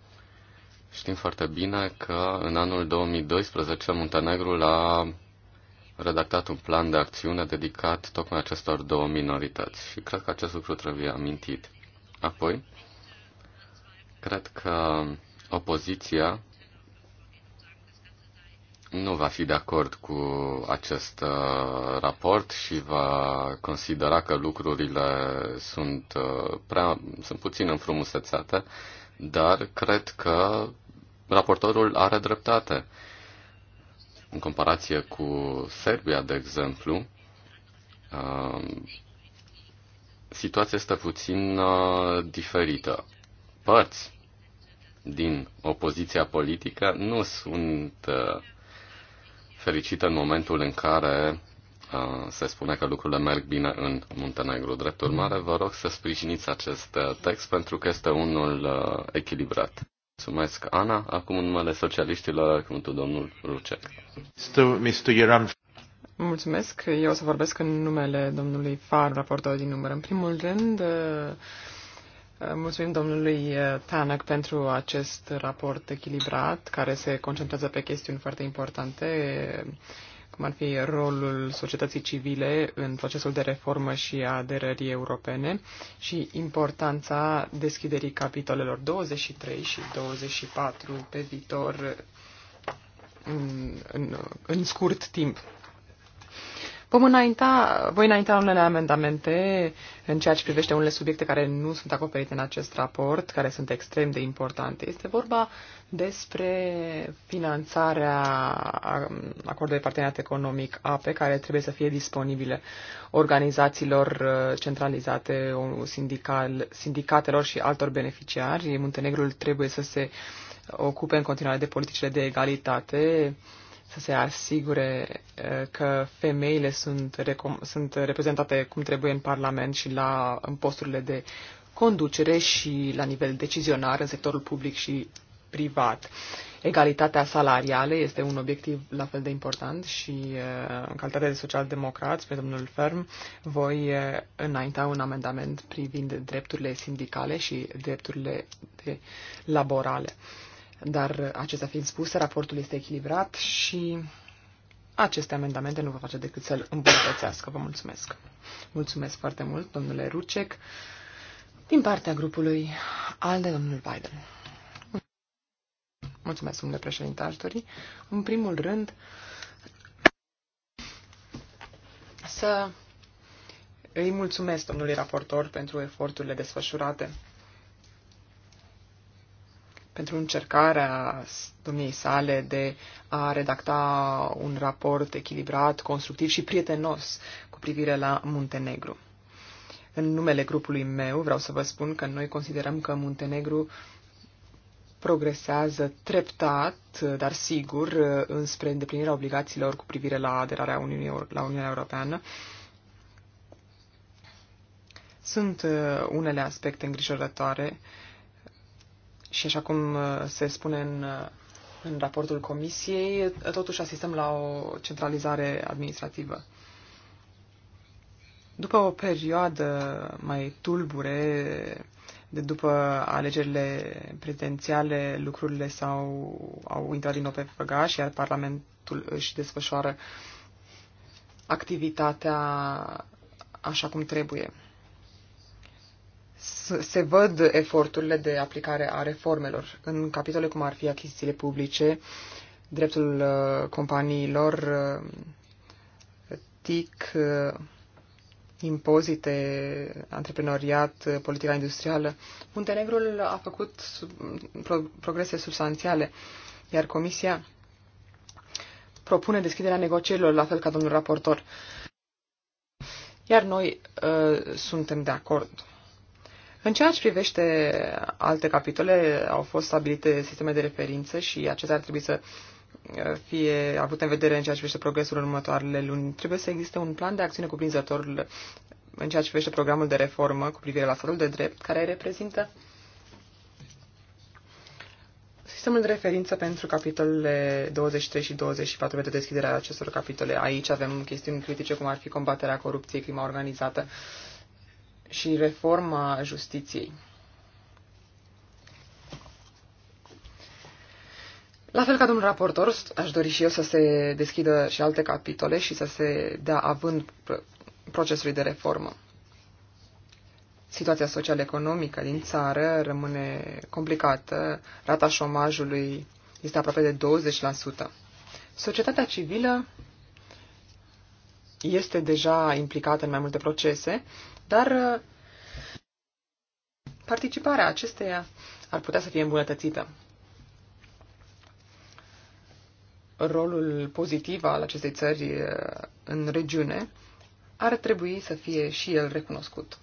Știm foarte bine că în anul 2012 Muntenegru a redactat un plan de acțiune dedicat tocmai acestor două minorități și cred că acest lucru trebuie amintit. Apoi, cred că opoziția nu va fi de acord cu acest uh, raport și va considera că lucrurile sunt, uh, prea, sunt puțin înfrumusețate, dar cred că raportorul are dreptate. În comparație cu Serbia, de exemplu, uh, situația este puțin uh, diferită. Părți din opoziția politică nu sunt uh, fericită în momentul în care uh, se spune că lucrurile merg bine în Muntenegru. Drept urmare, vă rog să sprijiniți acest uh, text pentru că este unul uh, echilibrat. Mulțumesc, Ana. Acum în numele socialiștilor, cuvântul domnul Rucec. Mulțumesc. Eu o să vorbesc în numele domnului Far, raportor din număr. În primul rând, Mulțumim domnului eh, Tanak pentru acest raport echilibrat, care se concentrează pe chestiuni foarte importante, cum ar fi rolul societății civile în procesul de reformă și aderării europene și importanța deschiderii capitolelor 23 și 24 pe viitor în, în, în scurt timp. Vom înainta, voi înainta unele amendamente în ceea ce privește unele subiecte care nu sunt acoperite în acest raport, care sunt extrem de importante. Este vorba despre finanțarea acordului de parteneriat economic APE, care trebuie să fie disponibile organizațiilor uh, centralizate, sindical, sindicatelor și altor beneficiari. Muntenegrul trebuie să se ocupe în continuare de politicile de egalitate, să se asigure că femeile sunt, sunt reprezentate cum trebuie în Parlament și la în posturile de conducere și la nivel decizionar în sectorul public și privat. Egalitatea salarială este un obiectiv la fel de important și în calitate de social-democrat, spre domnul Ferm, voi înainta un amendament privind drepturile sindicale și drepturile de laborale. Dar acestea fiind spuse, raportul este echilibrat și aceste amendamente nu vă face decât să-l îmbunătățească. Vă mulțumesc. Mulțumesc foarte mult, domnule Rucec. Din partea grupului al de domnul Biden. Mulțumesc, domnule președinte, aș dori, în primul rând, să îi mulțumesc domnului raportor pentru eforturile desfășurate pentru încercarea domniei sale de a redacta un raport echilibrat, constructiv și prietenos cu privire la Muntenegru. În numele grupului meu vreau să vă spun că noi considerăm că Muntenegru progresează treptat, dar sigur, înspre îndeplinirea obligațiilor cu privire la aderarea Uniunii, la Uniunea Europeană. Sunt uh, unele aspecte îngrijorătoare uh, și așa cum uh, se spune în, uh, în raportul comisiei, totuși asistăm la o centralizare administrativă. După o perioadă mai tulbure, de după alegerile prezidențiale, lucrurile s-au, au intrat din nou pe făgaș, iar Parlamentul își desfășoară activitatea așa cum trebuie se văd eforturile de aplicare a reformelor în capitole cum ar fi achizițiile publice, dreptul uh, companiilor, uh, TIC, uh, impozite, antreprenoriat, politica industrială. Muntenegrul a făcut progrese substanțiale, iar Comisia propune deschiderea negocierilor, la fel ca domnul raportor. Iar noi uh, suntem de acord. În ceea ce privește alte capitole, au fost stabilite sisteme de referință și acestea ar trebui să uh, fie avut în vedere în ceea ce privește progresul în următoarele luni. Trebuie să existe un plan de acțiune cuprinzător uh, în ceea ce privește programul de reformă cu privire la statul de drept, care reprezintă sistemul de referință pentru capitolele 23 și 24 de deschiderea acestor capitole. Aici avem chestiuni critice, cum ar fi combaterea corupției, crima organizată, și reforma justiției. La fel ca domnul raportor, aș dori și eu să se deschidă și alte capitole și să se dea având procesului de reformă. Situația social-economică din țară rămâne complicată, rata șomajului este aproape de 20%. Societatea civilă este deja implicată în mai multe procese, dar uh, participarea acesteia ar putea să fie îmbunătățită. Rolul pozitiv al acestei țări uh, în regiune ar trebui să fie și el recunoscut.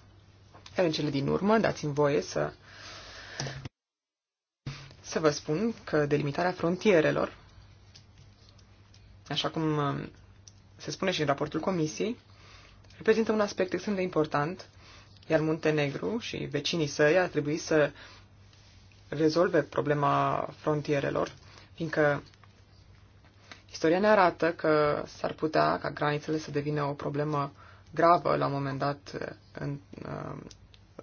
Iar în cele din urmă, dați-mi voie să, să vă spun că delimitarea frontierelor, așa cum uh, se spune și în raportul Comisiei, reprezintă un aspect extrem de important, iar Muntenegru și vecinii săi ar trebui să rezolve problema frontierelor, fiindcă istoria ne arată că s-ar putea ca granițele să devină o problemă gravă la un moment dat în uh,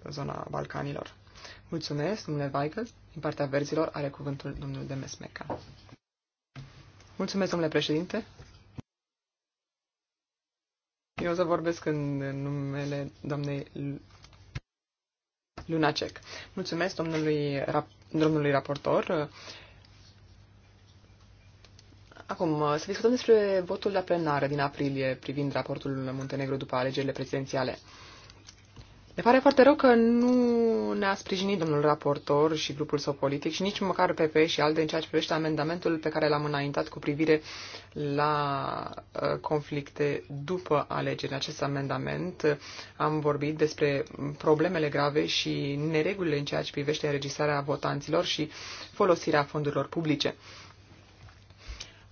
zona Balcanilor. Mulțumesc, domnule Weigel. Din partea verzilor are cuvântul domnul Demesmeca. Mulțumesc, domnule președinte. Eu o să vorbesc în numele doamnei Lunacek. Mulțumesc domnului, rap, domnului raportor. Acum, să discutăm despre votul la plenară din aprilie privind raportul Muntenegru după alegerile prezidențiale. Ne pare foarte rău că nu ne-a sprijinit domnul raportor și grupul său politic și nici măcar PP și alte în ceea ce privește amendamentul pe care l-am înaintat cu privire la uh, conflicte după alegeri. acest amendament uh, am vorbit despre problemele grave și neregulile în ceea ce privește înregistrarea votanților și folosirea fondurilor publice.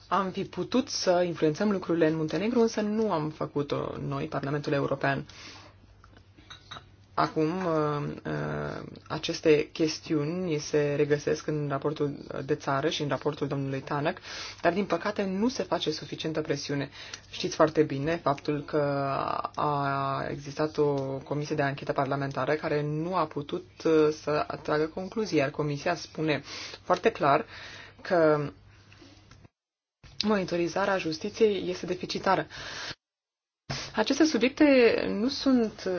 Am fi putut să influențăm lucrurile în Muntenegru, însă nu am făcut-o noi, Parlamentul European. Acum, uh, uh, aceste chestiuni se regăsesc în raportul de țară și în raportul domnului Tanăc, dar, din păcate, nu se face suficientă presiune. Știți foarte bine faptul că a existat o comisie de anchetă parlamentară care nu a putut uh, să atragă concluzii, iar comisia spune foarte clar că monitorizarea justiției este deficitară. Aceste subiecte nu sunt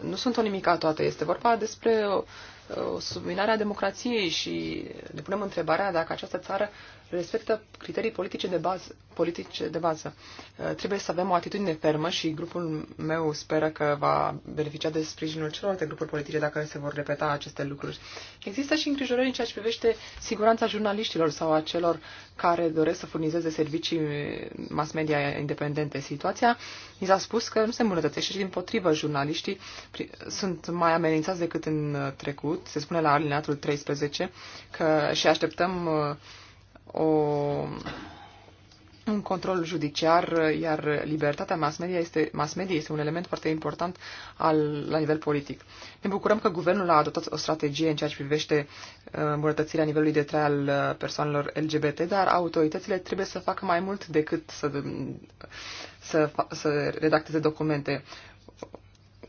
nu sunt o nimica toată. Este vorba despre o uh, subminare a democrației și ne punem întrebarea dacă această țară respectă criterii politice de bază. Politice de bază. Uh, trebuie să avem o atitudine fermă și grupul meu speră că va beneficia de sprijinul celorlalte grupuri politice dacă se vor repeta aceste lucruri. Există și îngrijorări în ceea ce privește siguranța jurnaliștilor sau a celor care doresc să furnizeze servicii mass media independente. Situația mi s-a spus că nu se îmbunătățește și din potrivă jurnaliștii sunt mai amenințați decât în trecut. Se spune la alineatul 13 că și așteptăm uh, o, un control judiciar, iar libertatea mass media este, mass media este un element foarte important al, la nivel politic. Ne bucurăm că guvernul a adoptat o strategie în ceea ce privește uh, îmbunătățirea nivelului de trai al uh, persoanelor LGBT, dar autoritățile trebuie să facă mai mult decât să, uh, să, să redacteze documente.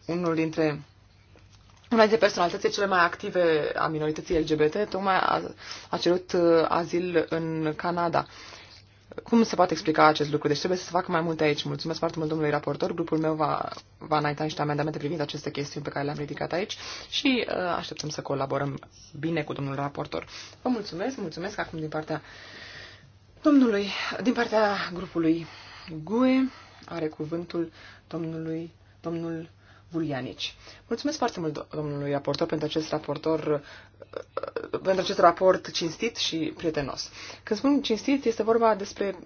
Unul dintre una dintre personalitățile cele mai active a minorității LGBT tocmai a, a cerut uh, azil în Canada. Cum se poate explica acest lucru? Deci trebuie să se facă mai multe aici. Mulțumesc foarte mult domnului raportor. Grupul meu va, va înainta niște amendamente privind aceste chestiuni pe care le-am ridicat aici și uh, așteptăm să colaborăm bine cu domnul raportor. Vă mulțumesc, mulțumesc acum din partea domnului, din partea grupului GUE are cuvântul domnului, domnul Vulianici. Mulțumesc foarte mult domnului raportor pentru acest raportor pentru acest raport cinstit și prietenos. Când spun cinstit, este vorba despre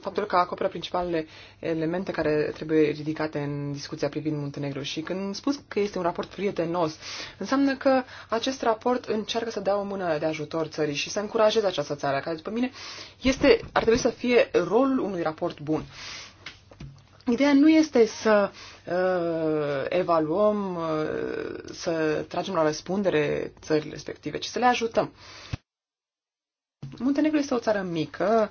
faptul că acoperă principalele elemente care trebuie ridicate în discuția privind Muntenegru și când spus că este un raport prietenos, înseamnă că acest raport încearcă să dea o mână de ajutor țării și să încurajeze această țară, care, după mine, este, ar trebui să fie rolul unui raport bun. Uh, Ideea nu este să uh, evaluăm, uh, să tragem la răspundere țările respective, ci să le ajutăm. Muntenegru este o țară mică,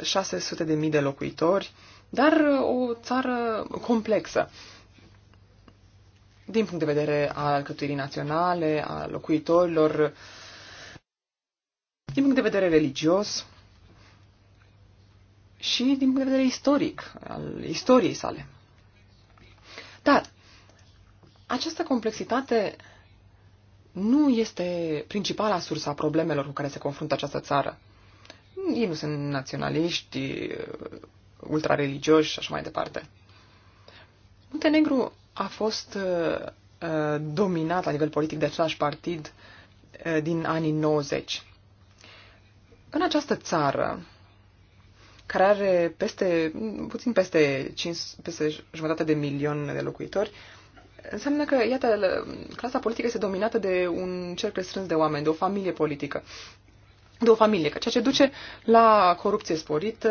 uh, 600.000 de, de locuitori, dar uh, o țară complexă. Din punct de vedere al cătuirii naționale, a locuitorilor, din punct de vedere religios, și din punct de vedere istoric, al istoriei sale. Dar această complexitate nu este principala sursa problemelor cu care se confruntă această țară. Ei nu sunt naționaliști, ultrareligioși și așa mai departe. Muntenegru a fost uh, uh dominat la nivel politic de același partid uh, din anii 90. În această țară, care peste, puțin peste, 5, peste jumătate de milion de locuitori, înseamnă că, iată, clasa politică este dominată de un cerc strâns de oameni, de o familie politică de o familie, ceea ce duce la corupție sporită,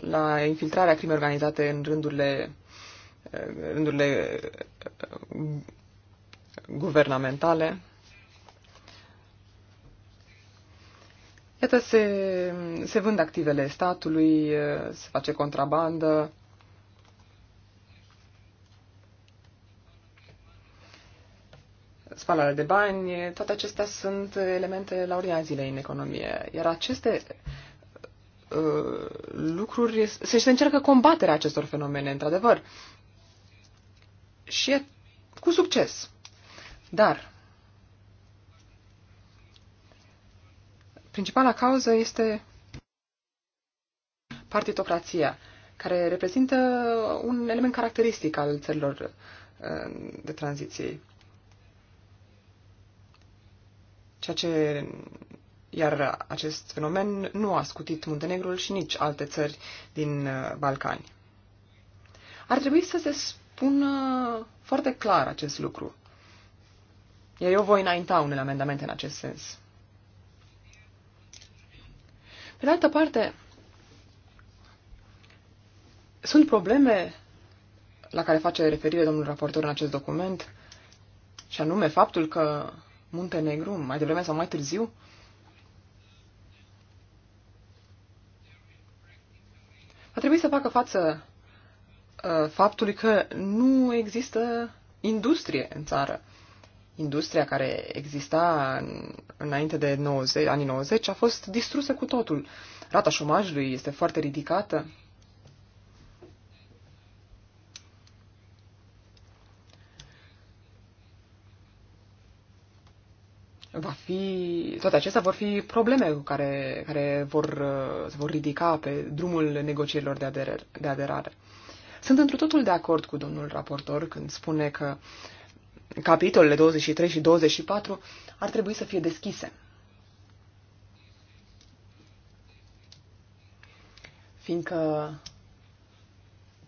la infiltrarea crimei organizate în rândurile, rândurile uh, guvernamentale. Iată, se, se vând activele statului, se face contrabandă. spalare de bani, toate acestea sunt elemente laurea zilei în economie. Iar aceste uh, lucruri, se, se încearcă combaterea acestor fenomene, într-adevăr. Și e cu succes. Dar Principala cauză este partitocrația, care reprezintă un element caracteristic al țărilor uh, de tranziție. Ceea ce iar acest fenomen nu a scutit Muntenegrul și nici alte țări din uh, Balcani. Ar trebui să se spună foarte clar acest lucru. Iar eu voi înainta unele amendamente în acest sens. Pe de altă parte, sunt probleme la care face referire domnul raportor în acest document, și anume faptul că Muntenegru, mai devreme sau mai târziu, A trebuit să facă față uh, faptului că nu există industrie în țară industria care exista înainte de 90, anii 90 a fost distrusă cu totul. Rata șomajului este foarte ridicată. Va fi, toate acestea vor fi probleme cu care, care vor, se vor ridica pe drumul negocierilor de, aderer, de aderare. Sunt într totul de acord cu domnul raportor când spune că uh, capitolele 23 și 24 ar trebui să fie deschise. Fiindcă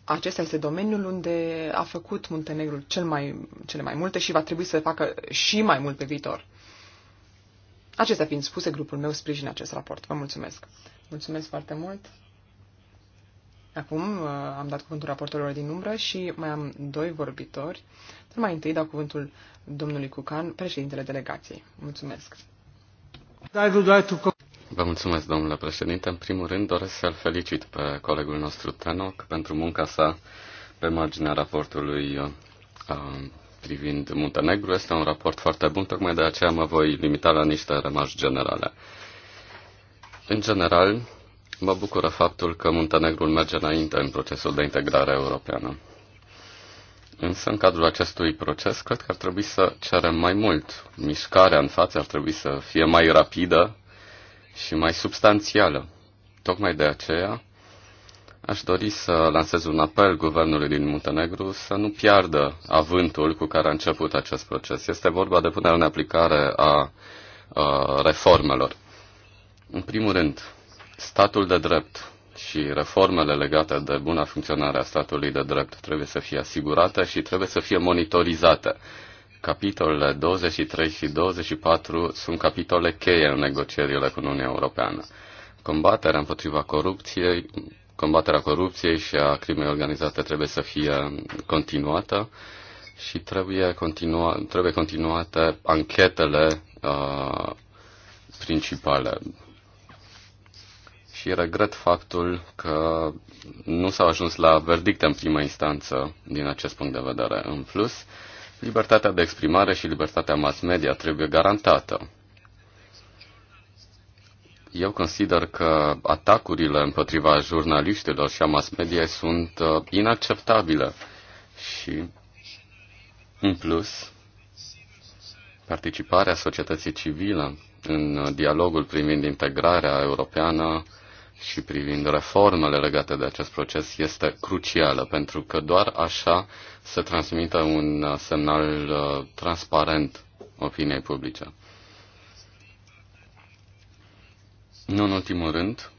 acesta este domeniul unde a făcut Muntenegrul cel mai, cele mai multe și va trebui să facă și mai mult pe viitor. Acestea fiind spuse, grupul meu sprijină acest raport. Vă mulțumesc. Mulțumesc foarte mult. Acum uh, am dat cuvântul raportorilor din umbră și mai am doi vorbitori. Dar mai întâi dau cuvântul domnului Cucan, președintele delegației. Mulțumesc! Vă mulțumesc, domnule președinte. În primul rând, doresc să-l felicit pe colegul nostru Tenoc pentru munca sa pe marginea raportului uh, privind Muntenegru. Este un raport foarte bun, tocmai de aceea mă voi limita la niște rămași generale. În general, Mă bucură faptul că Muntenegrul merge înainte în procesul de integrare europeană. Însă, în cadrul acestui proces, cred că ar trebui să cerem mai mult. Mișcarea în față ar trebui să fie mai rapidă și mai substanțială. Tocmai de aceea, aș dori să lansez un apel guvernului din Muntenegru să nu piardă avântul cu care a început acest proces. Este vorba de punerea în aplicare a, a reformelor. În primul rând, Statul de drept și reformele legate de buna funcționare a statului de drept trebuie să fie asigurate și trebuie să fie monitorizate. Capitolele 23 și 24 sunt capitole cheie în negocierile cu Uniunea Europeană. Combaterea împotriva corupției, combaterea corupției și a crimei organizate trebuie să fie continuată și trebuie, continua, trebuie continuate anchetele uh, principale și regret faptul că nu s-au ajuns la verdict în prima instanță din acest punct de vedere. În plus, libertatea de exprimare și libertatea mass media trebuie garantată. Eu consider că atacurile împotriva jurnaliștilor și a mass media sunt uh, inacceptabile și, în plus, participarea societății civile în dialogul privind integrarea europeană și privind reformele legate de acest proces este crucială, pentru că doar așa se transmite un uh, semnal uh, transparent opiniei publice. Nu în ultimul rând,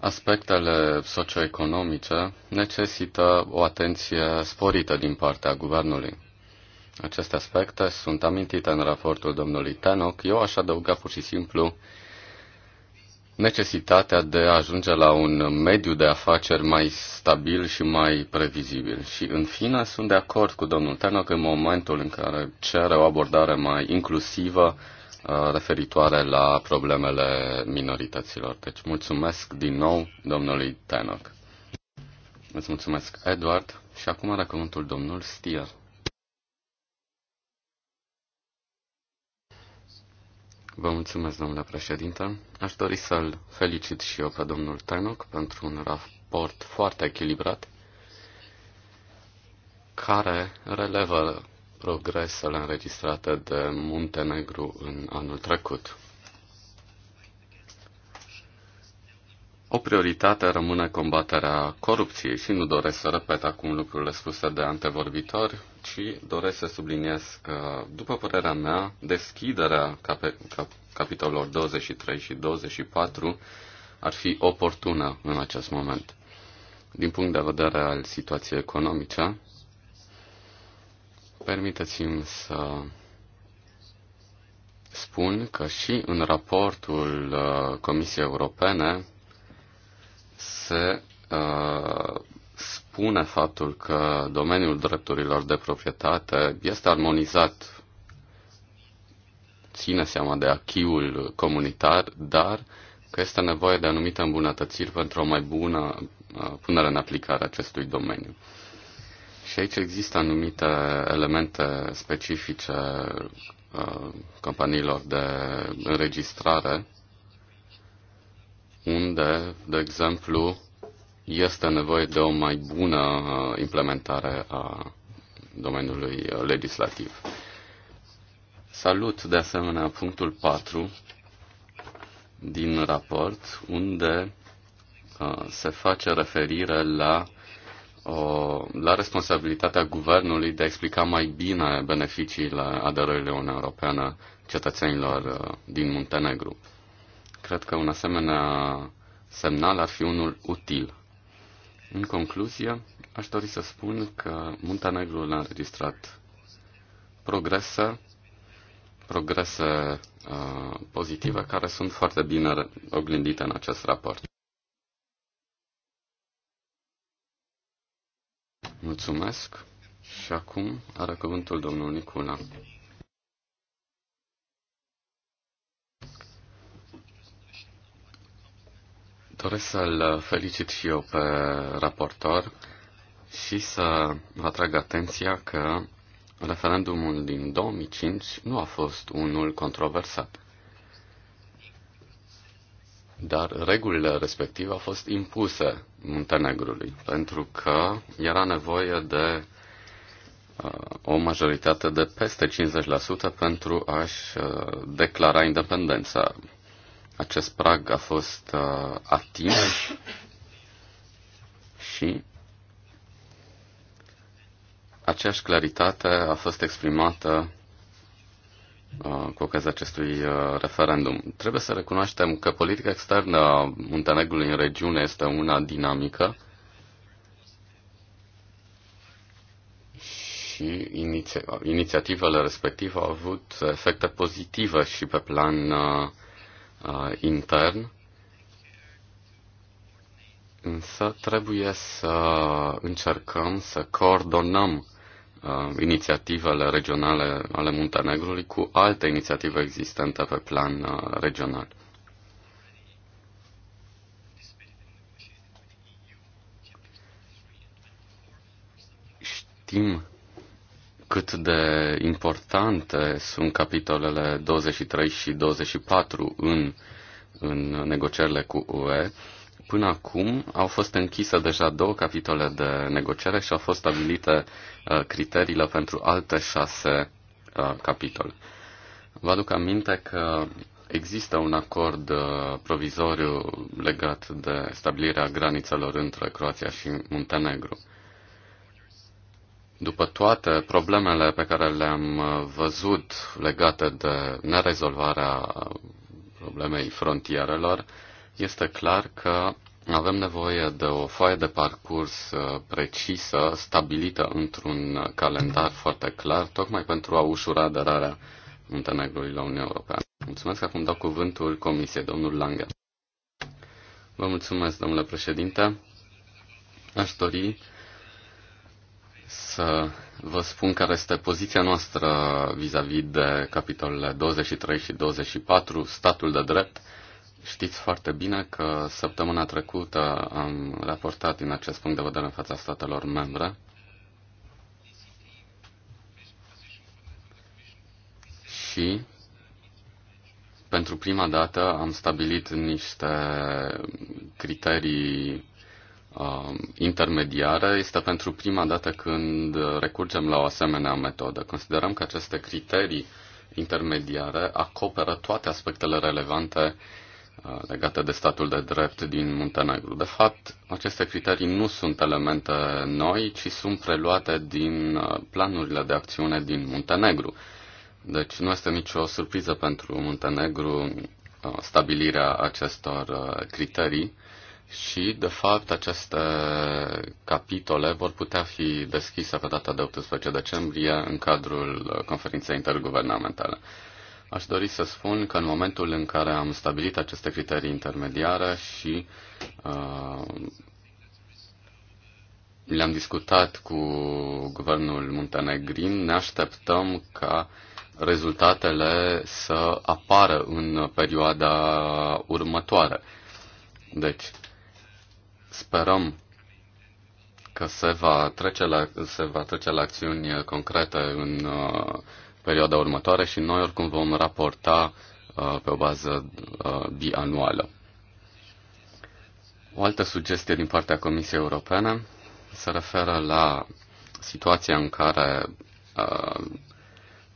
aspectele socioeconomice necesită o atenție sporită din partea guvernului. Aceste aspecte sunt amintite în raportul domnului Tenoc. Eu aș adăuga pur și simplu necesitatea de a ajunge la un mediu de afaceri mai stabil și mai previzibil. Și, în fine, sunt de acord cu domnul Tenoc în momentul în care cere o abordare mai inclusivă uh, referitoare la problemele minorităților. Deci, mulțumesc din nou domnului Tenoc. Îți mulțumesc, Edward. Și acum are cuvântul domnul Stier. Vă mulțumesc, domnule președinte. Aș dori să-l felicit și eu pe domnul Tenoc pentru un raport foarte echilibrat care relevă progresele înregistrate de Muntenegru în anul trecut. o prioritate rămâne combaterea corupției și nu doresc să repet acum lucrurile spuse de antevorbitori, ci doresc să subliniez că, după părerea mea, deschiderea cap- cap- capitolelor 23 și 24 ar fi oportună în acest moment. Din punct de vedere al situației economice, permiteți-mi să spun că și în raportul uh, Comisiei Europene se uh, spune faptul că domeniul drepturilor de proprietate este armonizat, ține seama de achiul comunitar, dar că este nevoie de anumite îmbunătățiri pentru o mai bună uh, punere în aplicare a acestui domeniu. Și aici există anumite elemente specifice uh, companiilor de înregistrare unde, de exemplu, este nevoie de o mai bună uh, implementare a domeniului uh, legislativ. Salut, de asemenea, punctul 4 din raport, unde uh, se face referire la, la responsabilitatea guvernului de a explica mai bine beneficiile aderării Uniunii europene cetățenilor din Muntenegru. Cred că un asemenea semnal ar fi unul util. În concluzie, aș dori să spun că Muntenegru a înregistrat progrese, progrese uh, pozitive care sunt foarte bine oglindite în acest raport. Mulțumesc și acum are cuvântul domnul Nicula. doresc să-l felicit și eu pe raportor și să vă atrag atenția că referendumul din 2005 nu a fost unul controversat. Dar regulile respective au fost impuse Muntenegrului, pentru că era nevoie de uh, o majoritate de peste 50% pentru a-și uh, declara independența acest prag a fost uh, atins și aceeași claritate a fost exprimată uh, cu ocazia acestui uh, referendum. Trebuie să recunoaștem că politica externă a Muntenegrului în regiune este una dinamică și iniția- inițiativele respective au avut efecte pozitive și pe plan uh, uh, intern, însă trebuie să încercăm să coordonăm uh, inițiativele regionale ale Muntenegrului cu alte inițiative existente pe plan uh, regional. Știm cât de importante sunt capitolele 23 și 24 în, în negocierile cu UE. Până acum au fost închise deja două capitole de negociere și au fost stabilite uh, criteriile pentru alte șase uh, capitole. Vă aduc aminte că există un acord uh, provizoriu legat de stabilirea granițelor între Croația și Muntenegru. După toate problemele pe care le-am uh, văzut legate de nerezolvarea problemei frontierelor, este clar că avem nevoie de o foaie de parcurs uh, precisă, stabilită într-un calendar foarte clar, tocmai pentru a ușura aderarea Muntenegrului la Uniunea Europeană. Mulțumesc, acum dau cuvântul Comisiei, domnul Lange. Vă mulțumesc, domnule președinte. Aș dori să vă spun care este poziția noastră vis-a-vis -vis de capitolele 23 și 24, statul de drept. Știți foarte bine că săptămâna trecută am raportat din acest punct de vedere în fața statelor membre. Și pentru prima dată am stabilit niște criterii Um, intermediare este pentru prima dată când recurgem la o asemenea metodă. Considerăm că aceste criterii intermediare acoperă toate aspectele relevante uh, legate de statul de drept din Muntenegru. De fapt, aceste criterii nu sunt elemente noi, ci sunt preluate din uh, planurile de acțiune din Muntenegru. Deci nu este nicio surpriză pentru Muntenegru uh, stabilirea acestor criterii și, de fapt, aceste capitole vor putea fi deschise pe data de 18 decembrie în cadrul uh, conferinței interguvernamentale. Aș dori să spun că în momentul în care am stabilit aceste criterii intermediare și uh, le-am discutat cu guvernul muntenegrin, ne așteptăm ca rezultatele să apară în perioada următoare. Deci, Sperăm că se va trece la, se va trece la acțiuni concrete în uh, perioada următoare și noi oricum vom raporta uh, pe o bază uh, bianuală. O altă sugestie din partea Comisiei Europene se referă la situația în care uh,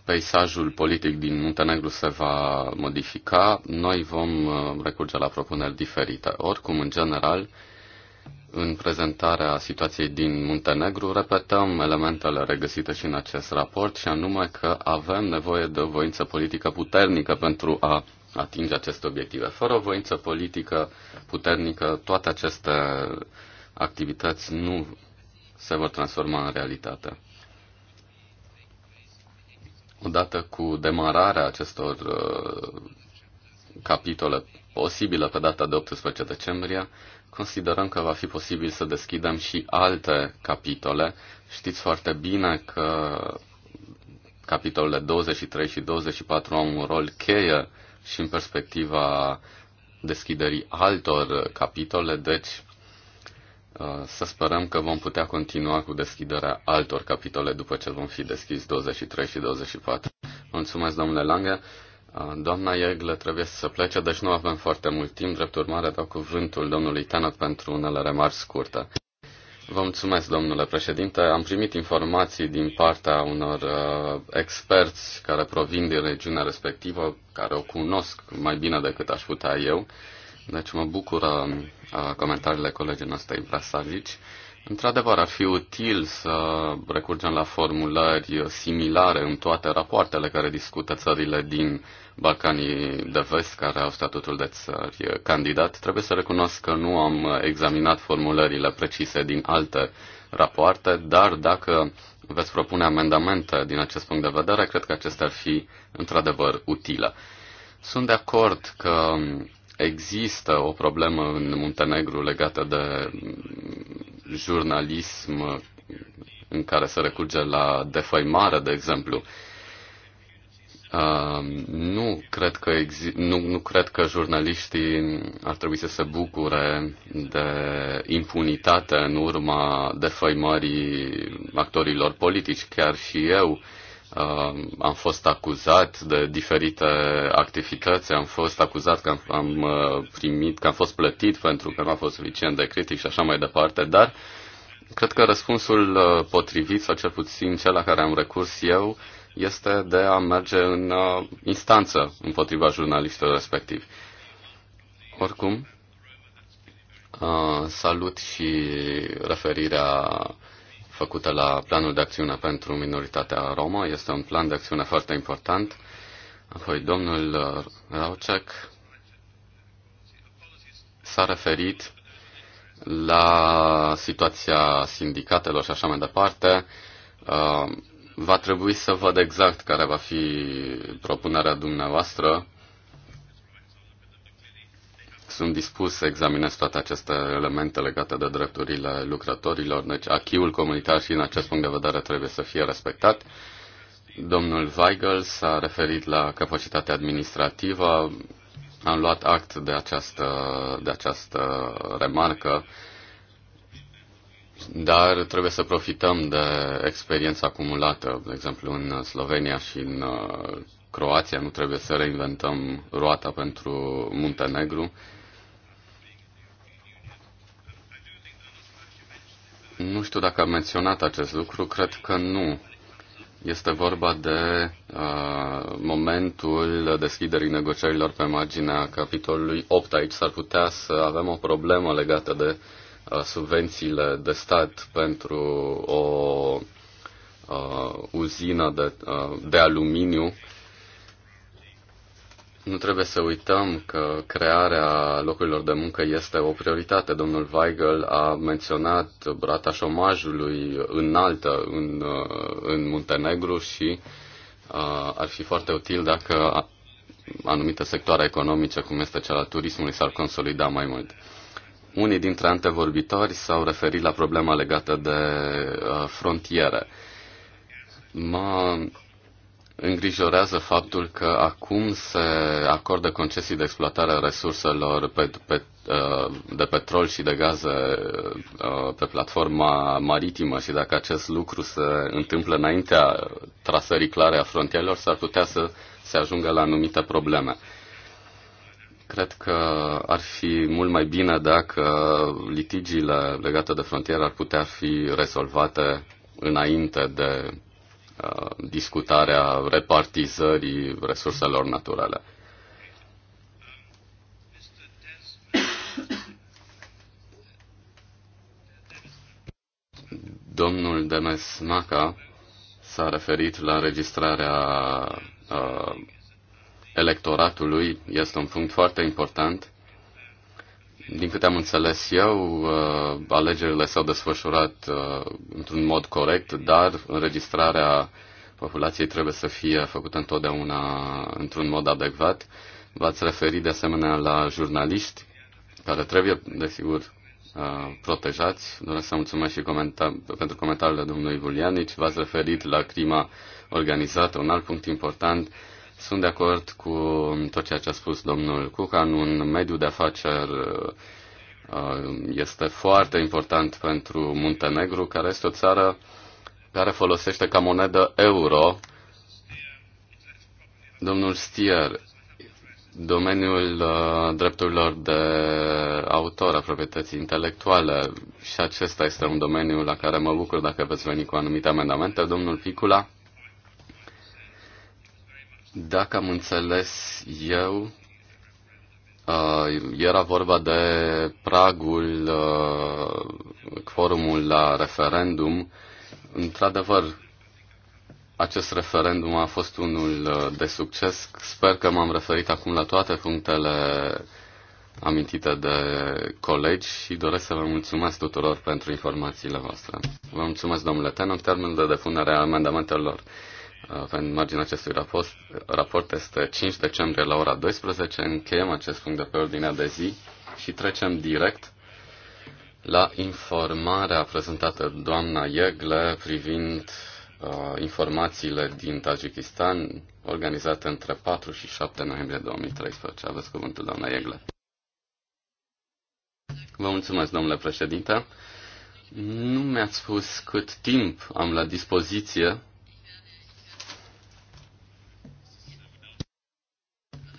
peisajul politic din Muntenegru se va modifica, noi vom uh, recurge la propuneri diferite. Oricum, în general, uh, în prezentarea situației din Muntenegru, repetăm elementele regăsite și în acest raport, și anume că avem nevoie de o voință politică puternică pentru a atinge aceste obiective. Fără o voință politică puternică, toate aceste activități nu se vor transforma în realitate. Odată cu demararea acestor uh, capitole posibile pe data de 18 decembrie, considerăm că va fi posibil să deschidem și alte capitole. Știți foarte bine că capitolele 23 și 24 au un rol cheie și în perspectiva deschiderii altor capitole, deci uh, să sperăm că vom putea continua cu deschiderea altor capitole după ce vom fi deschis 23 și 24. Mulțumesc, domnule Lange. Doamna Iegle trebuie să plece, deci nu avem foarte mult timp. Drept urmare, dau cuvântul domnului Tanat pentru unele remarci scurte. Vă mulțumesc, domnule președinte. Am primit informații din partea unor uh, experți care provin din regiunea respectivă, care o cunosc mai bine decât aș putea eu. Deci mă bucură uh, comentariile colegii noastre Ivra Într-adevăr, ar fi util să recurgem la formulări similare în toate rapoartele care discută țările din Balcanii de Vest, care au statutul de țări candidat. Trebuie să recunosc că nu am examinat formulările precise din alte rapoarte, dar dacă veți propune amendamente din acest punct de vedere, cred că acestea ar fi într-adevăr utile. Sunt de acord că Există o problemă în Muntenegru legată de jurnalism în care se recurge la defăimare, de exemplu. Uh, nu, cred că exi- nu, nu cred că jurnaliștii ar trebui să se bucure de impunitate în urma defăimării actorilor politici. Chiar și eu Um, am fost acuzat de diferite activități, am fost acuzat că am, am uh, primit, că am fost plătit pentru că nu am fost suficient de critic și așa mai departe, dar cred că răspunsul uh, potrivit, sau cel puțin cel la care am recurs eu, este de a merge în uh, instanță împotriva jurnalistelor respectivi. Oricum, salut și referirea făcută la planul de acțiune pentru minoritatea romă. Este un plan de acțiune foarte important. Apoi domnul Raucek s-a referit la situația sindicatelor și așa mai departe. Uh, va trebui să văd exact care va fi propunerea dumneavoastră sunt dispus să examinez toate aceste elemente legate de drepturile lucrătorilor, deci achiul comunitar și în acest punct de vedere trebuie să fie respectat. Domnul Weigel s-a referit la capacitatea administrativă. Am luat act de această, de această remarcă, dar trebuie să profităm de experiența acumulată, de exemplu în Slovenia și în uh, Croația, nu trebuie să reinventăm roata pentru Muntenegru. Nu știu dacă am menționat acest lucru, cred că nu. Este vorba de uh, momentul deschiderii negocierilor pe marginea capitolului 8. Aici s-ar putea să avem o problemă legată de uh, subvențiile de stat pentru o uh, uzină de, uh, de aluminiu nu trebuie să uităm că crearea locurilor de muncă este o prioritate. Domnul Weigel a menționat brata șomajului înaltă în, în Muntenegru și uh, ar fi foarte util dacă anumite sectoare economice, cum este cel al turismului, s-ar consolida mai mult. Unii dintre antevorbitori s-au referit la problema legată de uh, frontiere. Mă îngrijorează faptul că acum se acordă concesii de exploatare a resurselor pe, pe, uh, de petrol și de gaze uh, pe platforma maritimă și dacă acest lucru se întâmplă înaintea trasării clare a frontierelor, s-ar putea să se ajungă la anumite probleme. Cred că ar fi mult mai bine dacă litigiile legate de frontieră ar putea fi rezolvate înainte de Uh, discutarea repartizării resurselor naturale. Domnul Demes Maca s-a referit la registrarea uh, electoratului. Este un punct foarte important din câte am înțeles eu, uh, alegerile s-au desfășurat uh, într-un mod corect, dar înregistrarea populației trebuie să fie făcută întotdeauna într-un mod adecvat. V-ați referit de asemenea la jurnaliști, care trebuie, desigur, uh, protejați. Doresc să mulțumesc și comenta- pentru comentariile domnului Vulianici. V-ați referit la crima organizată, un alt punct important sunt de acord cu tot ceea ce a spus domnul Cucan. Un mediu de afaceri uh, este foarte important pentru Muntenegru, care este o țară care folosește ca monedă euro. Domnul Stier, domeniul uh, drepturilor de autor, a proprietății intelectuale, și acesta este un domeniu la care mă bucur dacă veți veni cu anumite amendamente. Domnul Picula, dacă am înțeles eu, uh, era vorba de pragul, quorumul uh, la referendum. Într-adevăr, acest referendum a fost unul uh, de succes. Sper că m-am referit acum la toate punctele amintite de colegi și doresc să vă mulțumesc tuturor pentru informațiile voastre. Vă mulțumesc, domnule în termenul de depunere a amendamentelor în marginea acestui raport, raport este 5 decembrie la ora 12. Încheiem acest punct de pe ordinea de zi și trecem direct la informarea prezentată doamna Iegle privind uh, informațiile din Tajikistan organizate între 4 și 7 noiembrie 2013. Aveți cuvântul, doamna Iegle. Vă mulțumesc, domnule președinte. Nu mi-ați spus cât timp am la dispoziție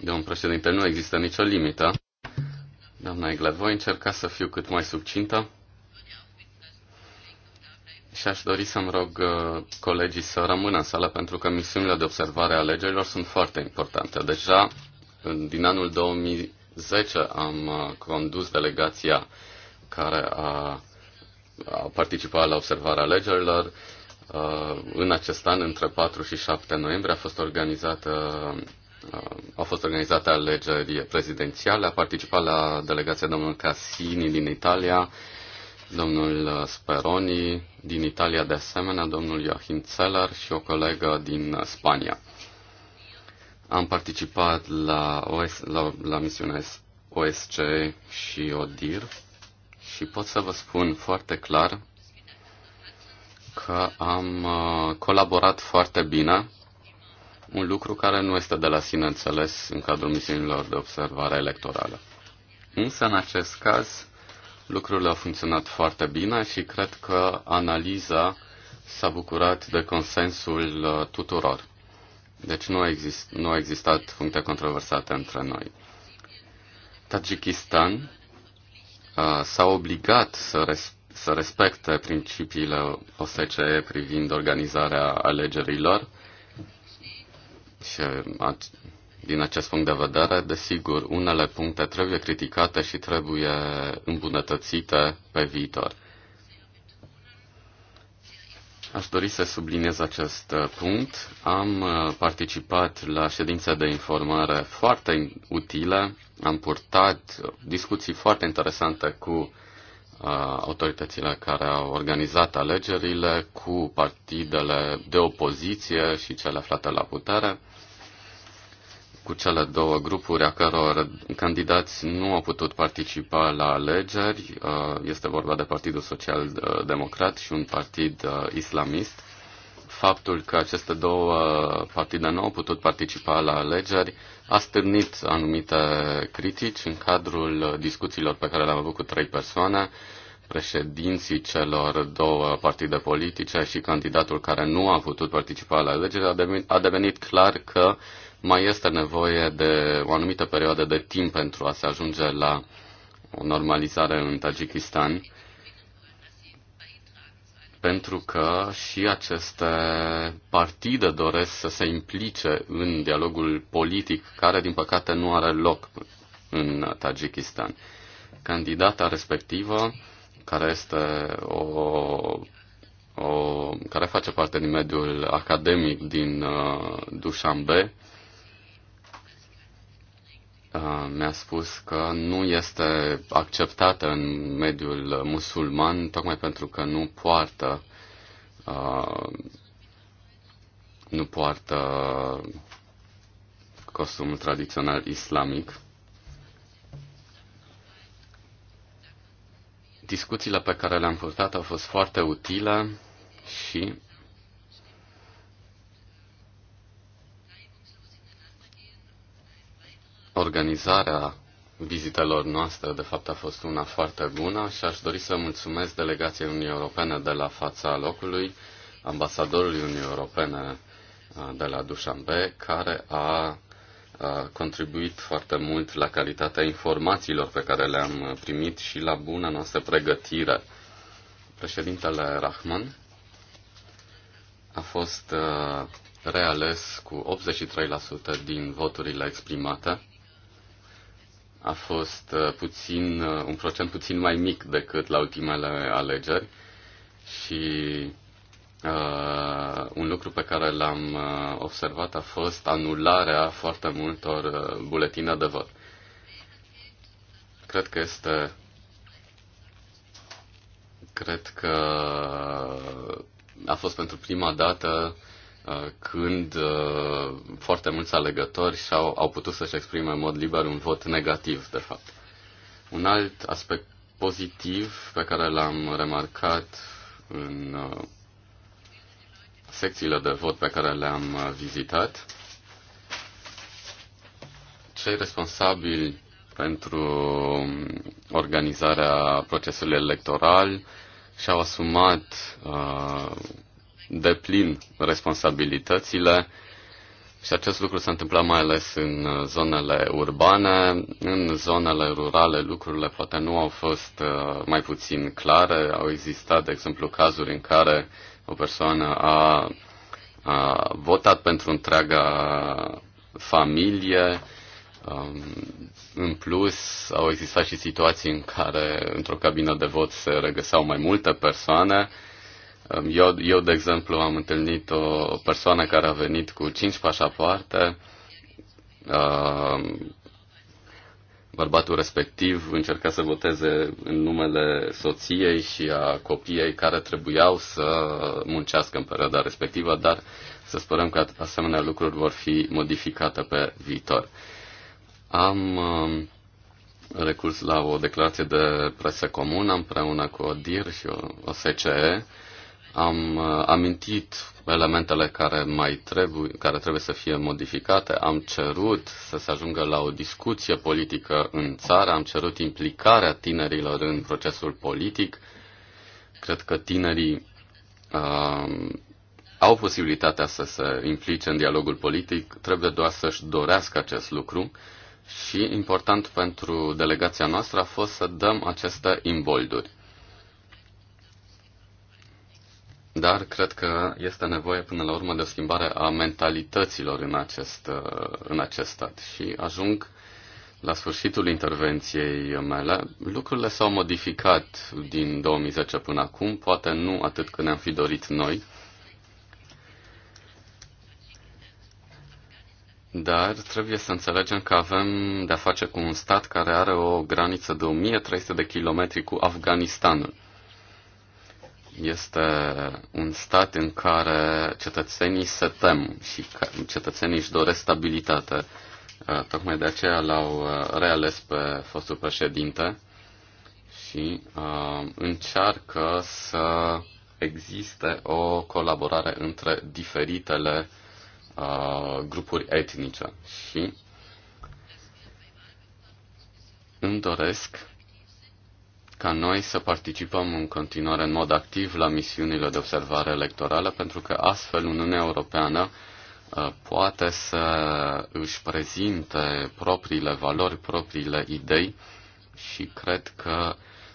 Domnul președinte, nu există nicio limită. Doamna Egler, voi încerca să fiu cât mai subcintă și aș dori să-mi rog uh, colegii să rămână în sală pentru că misiunile de observare a alegerilor sunt foarte importante. Deja din anul 2010 am uh, condus delegația care a, a participat la observarea alegerilor. Uh, în acest an, între 4 și 7 noiembrie, a fost organizată Uh, au fost organizate alegeri prezidențiale, a participat la delegația domnul Cassini din Italia, domnul uh, Speroni din Italia de asemenea, domnul Joachim Zeller și o colegă din uh, Spania. Am participat la, OS, la, la misiunea OSCE și ODIR și pot să vă spun foarte clar că am colaborat foarte bine un lucru care nu este de la sine înțeles în cadrul misiunilor de observare electorală. Însă, în acest caz, lucrurile au funcționat foarte bine și cred că analiza s-a bucurat de consensul uh, tuturor. Deci nu, exist, nu au existat puncte controversate între noi. Tajikistan uh, s-a obligat să, res, să respecte principiile OSCE privind organizarea alegerilor și din acest punct de vedere, desigur, unele puncte trebuie criticate și trebuie îmbunătățite pe viitor. Aș dori să subliniez acest uh, punct. Am uh, participat la ședințe de informare foarte utile, am purtat discuții foarte interesante cu autoritățile care au organizat alegerile cu partidele de opoziție și cele aflate la putere, cu cele două grupuri a căror candidați nu au putut participa la alegeri. Uh, este vorba de Partidul Social uh, Democrat și un partid uh, islamist faptul că aceste două partide nu au putut participa la alegeri a stârnit anumite critici în cadrul discuțiilor pe care le-am avut cu trei persoane, președinții celor două partide politice și candidatul care nu a putut participa la alegeri, a devenit clar că mai este nevoie de o anumită perioadă de timp pentru a se ajunge la o normalizare în Tajikistan pentru că și aceste partide doresc să se implice în dialogul politic, care din păcate nu are loc în Tajikistan. Candidata respectivă, care este o, o care face parte din mediul academic din uh, Dushanbe, Uh, mi-a spus că nu este acceptată în mediul musulman tocmai pentru că nu poartă uh, nu poartă costumul tradițional islamic. Discuțiile pe care le-am purtat au fost foarte utile și organizarea vizitelor noastre, de fapt, a fost una foarte bună și aș dori să mulțumesc delegației Uniunii Europene de la fața locului, ambasadorului Uniunii Europene de la Dușambe, care a contribuit foarte mult la calitatea informațiilor pe care le-am primit și la buna noastră pregătire. Președintele Rahman a fost reales cu 83% din voturile exprimate a fost uh, puțin, uh, un procent puțin mai mic decât la ultimele alegeri și uh, un lucru pe care l-am uh, observat a fost anularea foarte multor buletine de vot. Cred că este cred că a fost pentru prima dată uh, Uh, când uh, foarte mulți alegători și-au, au putut să-și exprime în mod liber un vot negativ, de fapt. Un alt aspect pozitiv pe care l-am remarcat în uh, secțiile de vot pe care le-am vizitat, cei responsabili pentru um, organizarea procesului electoral și-au asumat uh, de plin responsabilitățile și acest lucru s-a întâmplat mai ales în zonele urbane. În zonele rurale lucrurile poate nu au fost uh, mai puțin clare. Au existat, de exemplu, cazuri în care o persoană a, a votat pentru întreaga familie. Um, în plus, au existat și situații în care într-o cabină de vot se regăseau mai multe persoane eu, eu, de exemplu, am întâlnit o persoană care a venit cu cinci pașapoarte. Uh, bărbatul respectiv încerca să voteze în numele soției și a copiei care trebuiau să muncească în perioada respectivă, dar să sperăm că asemenea lucruri vor fi modificate pe viitor. Am uh, recurs la o declarație de presă comună împreună cu ODIR și o OSCE am uh, amintit elementele care mai trebuie, care trebuie să fie modificate, am cerut să se ajungă la o discuție politică în țară, am cerut implicarea tinerilor în procesul politic. Cred că tinerii uh, au posibilitatea să se implice în dialogul politic, trebuie doar să-și dorească acest lucru. Și important pentru delegația noastră a fost să dăm aceste imbolduri Dar cred că este nevoie până la urmă de o schimbare a mentalităților în acest, în acest stat. Și ajung la sfârșitul intervenției mele. Lucrurile s-au modificat din 2010 până acum, poate nu atât cât ne-am fi dorit noi, Dar trebuie să înțelegem că avem de-a face cu un stat care are o graniță de 1300 de kilometri cu Afganistanul este un stat în care cetățenii se tem și cetățenii își doresc stabilitate. Uh, tocmai de aceea l-au uh, reales pe fostul președinte și uh, încearcă să existe o colaborare între diferitele grupuri etnice și îmi doresc ca noi să participăm în continuare în mod activ la misiunile de observare electorală, pentru că astfel Uniunea Europeană uh, poate să își prezinte propriile valori, propriile idei și cred că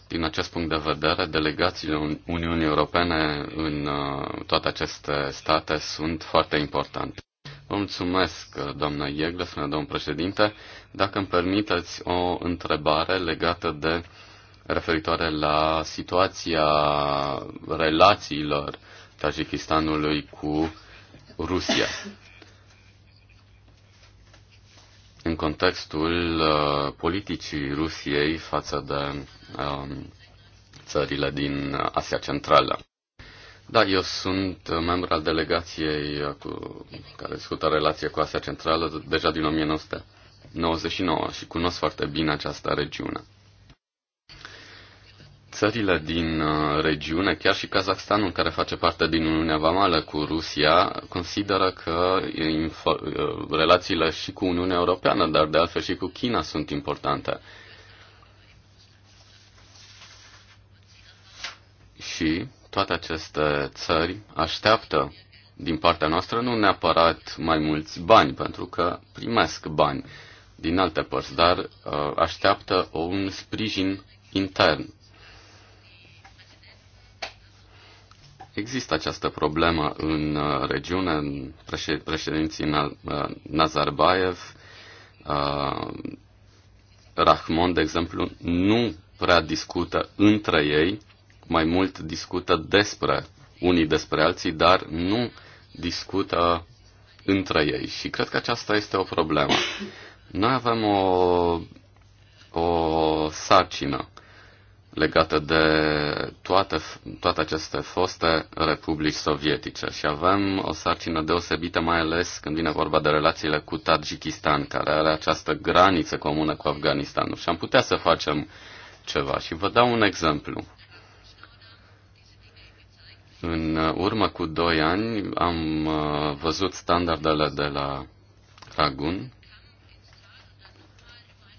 din acest punct de vedere, delegațiile Uniunii Europene în uh, toate aceste state sunt foarte importante. Vă mulțumesc, uh, doamna Iegle, spune domnul președinte. Dacă îmi permiteți o întrebare legată de referitoare la situația relațiilor Tajikistanului cu Rusia. În contextul uh, politicii Rusiei față de uh, țările din Asia Centrală. Da, eu sunt membru al delegației cu, care discută relație cu Asia Centrală deja din 1999 și cunosc foarte bine această regiune țările din uh, regiune, chiar și Kazakhstanul, care face parte din Uniunea Vamală cu Rusia, consideră că uh, relațiile și cu Uniunea Europeană, dar de altfel și cu China sunt importante. Și toate aceste țări așteaptă din partea noastră nu neapărat mai mulți bani, pentru că primesc bani din alte părți, dar uh, așteaptă un sprijin intern Există această problemă în uh, regiune, în președinții uh, Nazarbayev, uh, Rahmon, de exemplu, nu prea discută între ei, mai mult discută despre unii despre alții, dar nu discută între ei. Și cred că aceasta este o problemă. Noi avem o, o sarcină legate de toate, toate aceste foste republici sovietice și avem o sarcină deosebită, mai ales când vine vorba de relațiile cu Tajikistan, care are această graniță comună cu Afganistanul și am putea să facem ceva. Și vă dau un exemplu. În urmă cu doi ani am uh, văzut standardele de la Ragun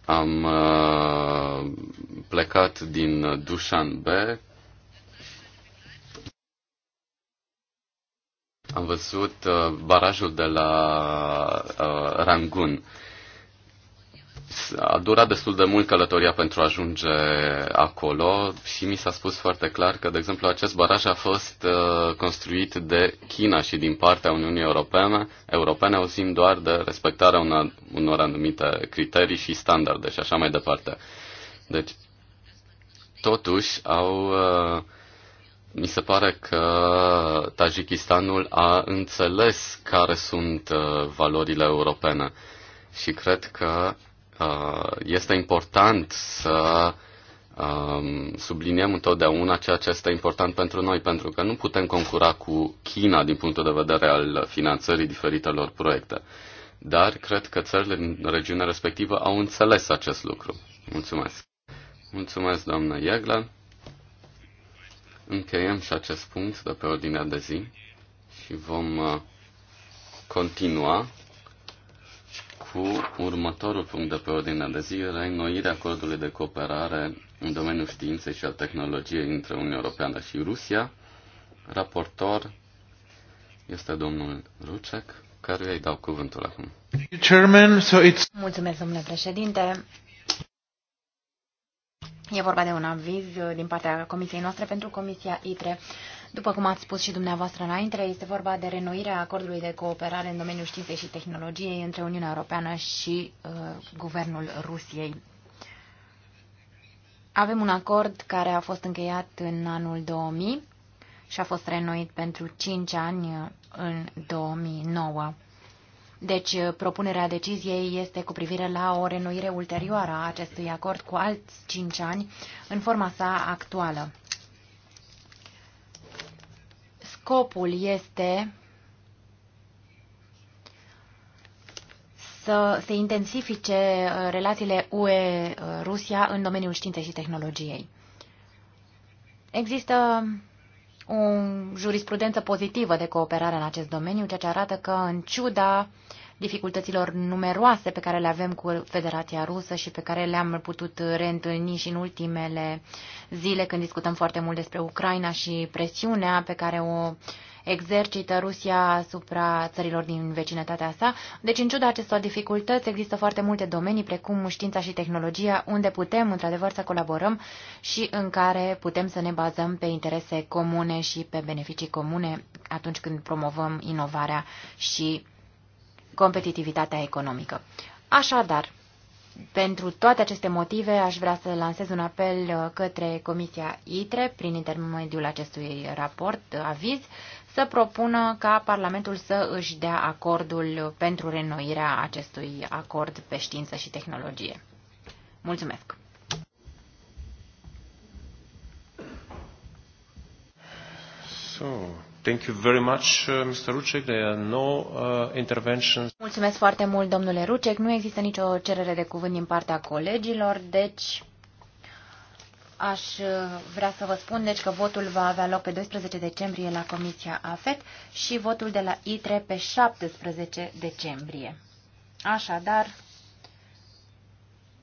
am uh, plecat din Dushanbe. Am văzut uh, barajul de la uh, Rangun a durat destul de mult călătoria pentru a ajunge acolo și mi s-a spus foarte clar că, de exemplu, acest baraj a fost uh, construit de China și din partea Uniunii Europene. Europene auzim doar de respectarea una, unor anumite criterii și standarde și așa mai departe. Deci, totuși, au, uh, mi se pare că Tajikistanul a înțeles care sunt uh, valorile europene și cred că Uh, este important să um, subliniem întotdeauna ceea ce este important pentru noi, pentru că nu putem concura cu China din punctul de vedere al finanțării diferitelor proiecte. Dar cred că țările din regiunea respectivă au înțeles acest lucru. Mulțumesc. Mulțumesc, doamnă Iegla. Încheiem și acest punct de pe ordinea de zi și vom uh, continua cu următorul punct de pe ordinea de zi, reînnoirea acordului de cooperare în domeniul științei și al tehnologiei între Uniunea Europeană și Rusia. Raportor este domnul Rucek, care îi dau cuvântul acum. Mulțumesc, domnule președinte. E vorba de un aviz din partea comisiei noastre pentru Comisia ITRE după cum ați spus și dumneavoastră înainte, este vorba de renoirea acordului de cooperare în domeniul științei și tehnologiei între Uniunea Europeană și uh, guvernul Rusiei. Avem un acord care a fost încheiat în anul 2000 și a fost renoit pentru 5 ani uh, în 2009. Deci, uh, propunerea deciziei este cu privire la o renoire ulterioară a acestui acord cu alți 5 ani în forma sa actuală. Scopul este să se intensifice uh, relațiile UE-Rusia în domeniul științei și tehnologiei. Există o jurisprudență pozitivă de cooperare în acest domeniu, ceea ce arată că, în ciuda uh, dificultăților numeroase pe care le avem cu Federația Rusă și pe care le-am putut reîntâlni și în ultimele zile când discutăm foarte mult despre Ucraina și presiunea pe care o exercită Rusia asupra țărilor din vecinătatea sa. Deci, în ciuda acestor dificultăți, există foarte multe domenii, precum știința și tehnologia, unde putem, într-adevăr, să colaborăm și în care putem să ne bazăm pe interese comune și pe beneficii comune atunci când promovăm inovarea și competitivitatea economică. Așadar, pentru toate aceste motive, aș vrea să lansez un apel uh, către Comisia ITRE, prin intermediul acestui raport, uh, aviz, să propună ca Parlamentul să își dea acordul pentru renoirea acestui acord pe știință și tehnologie. Mulțumesc! So, Thank you very much, uh, Mr. Rucek. There are no uh, interventions. Mulțumesc foarte mult, domnule Rucek. Nu există nicio cerere de cuvânt din partea colegilor, deci aș uh, vrea să vă spun deci că votul va avea loc pe 12 decembrie la Comisia AFET și votul de la ITRE pe 17 decembrie. Așadar,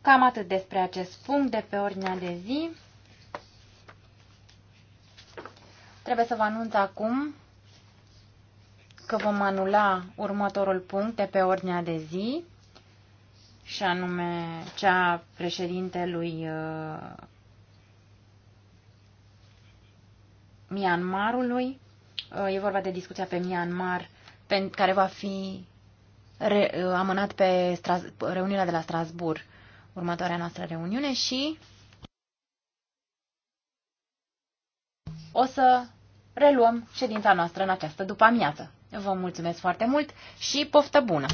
cam atât despre acest punct de pe ordinea de zi. Trebuie să vă anunț acum că vom anula următorul punct de pe ordinea de zi, și anume cea președintelui uh, Myanmarului. Uh, e vorba de discuția pe Myanmar, pe, care va fi re, uh, amânat pe Stras, reuniunea de la Strasbourg, următoarea noastră reuniune și o să reluăm ședința noastră în această după-amiază. Vă mulțumesc foarte mult și poftă bună!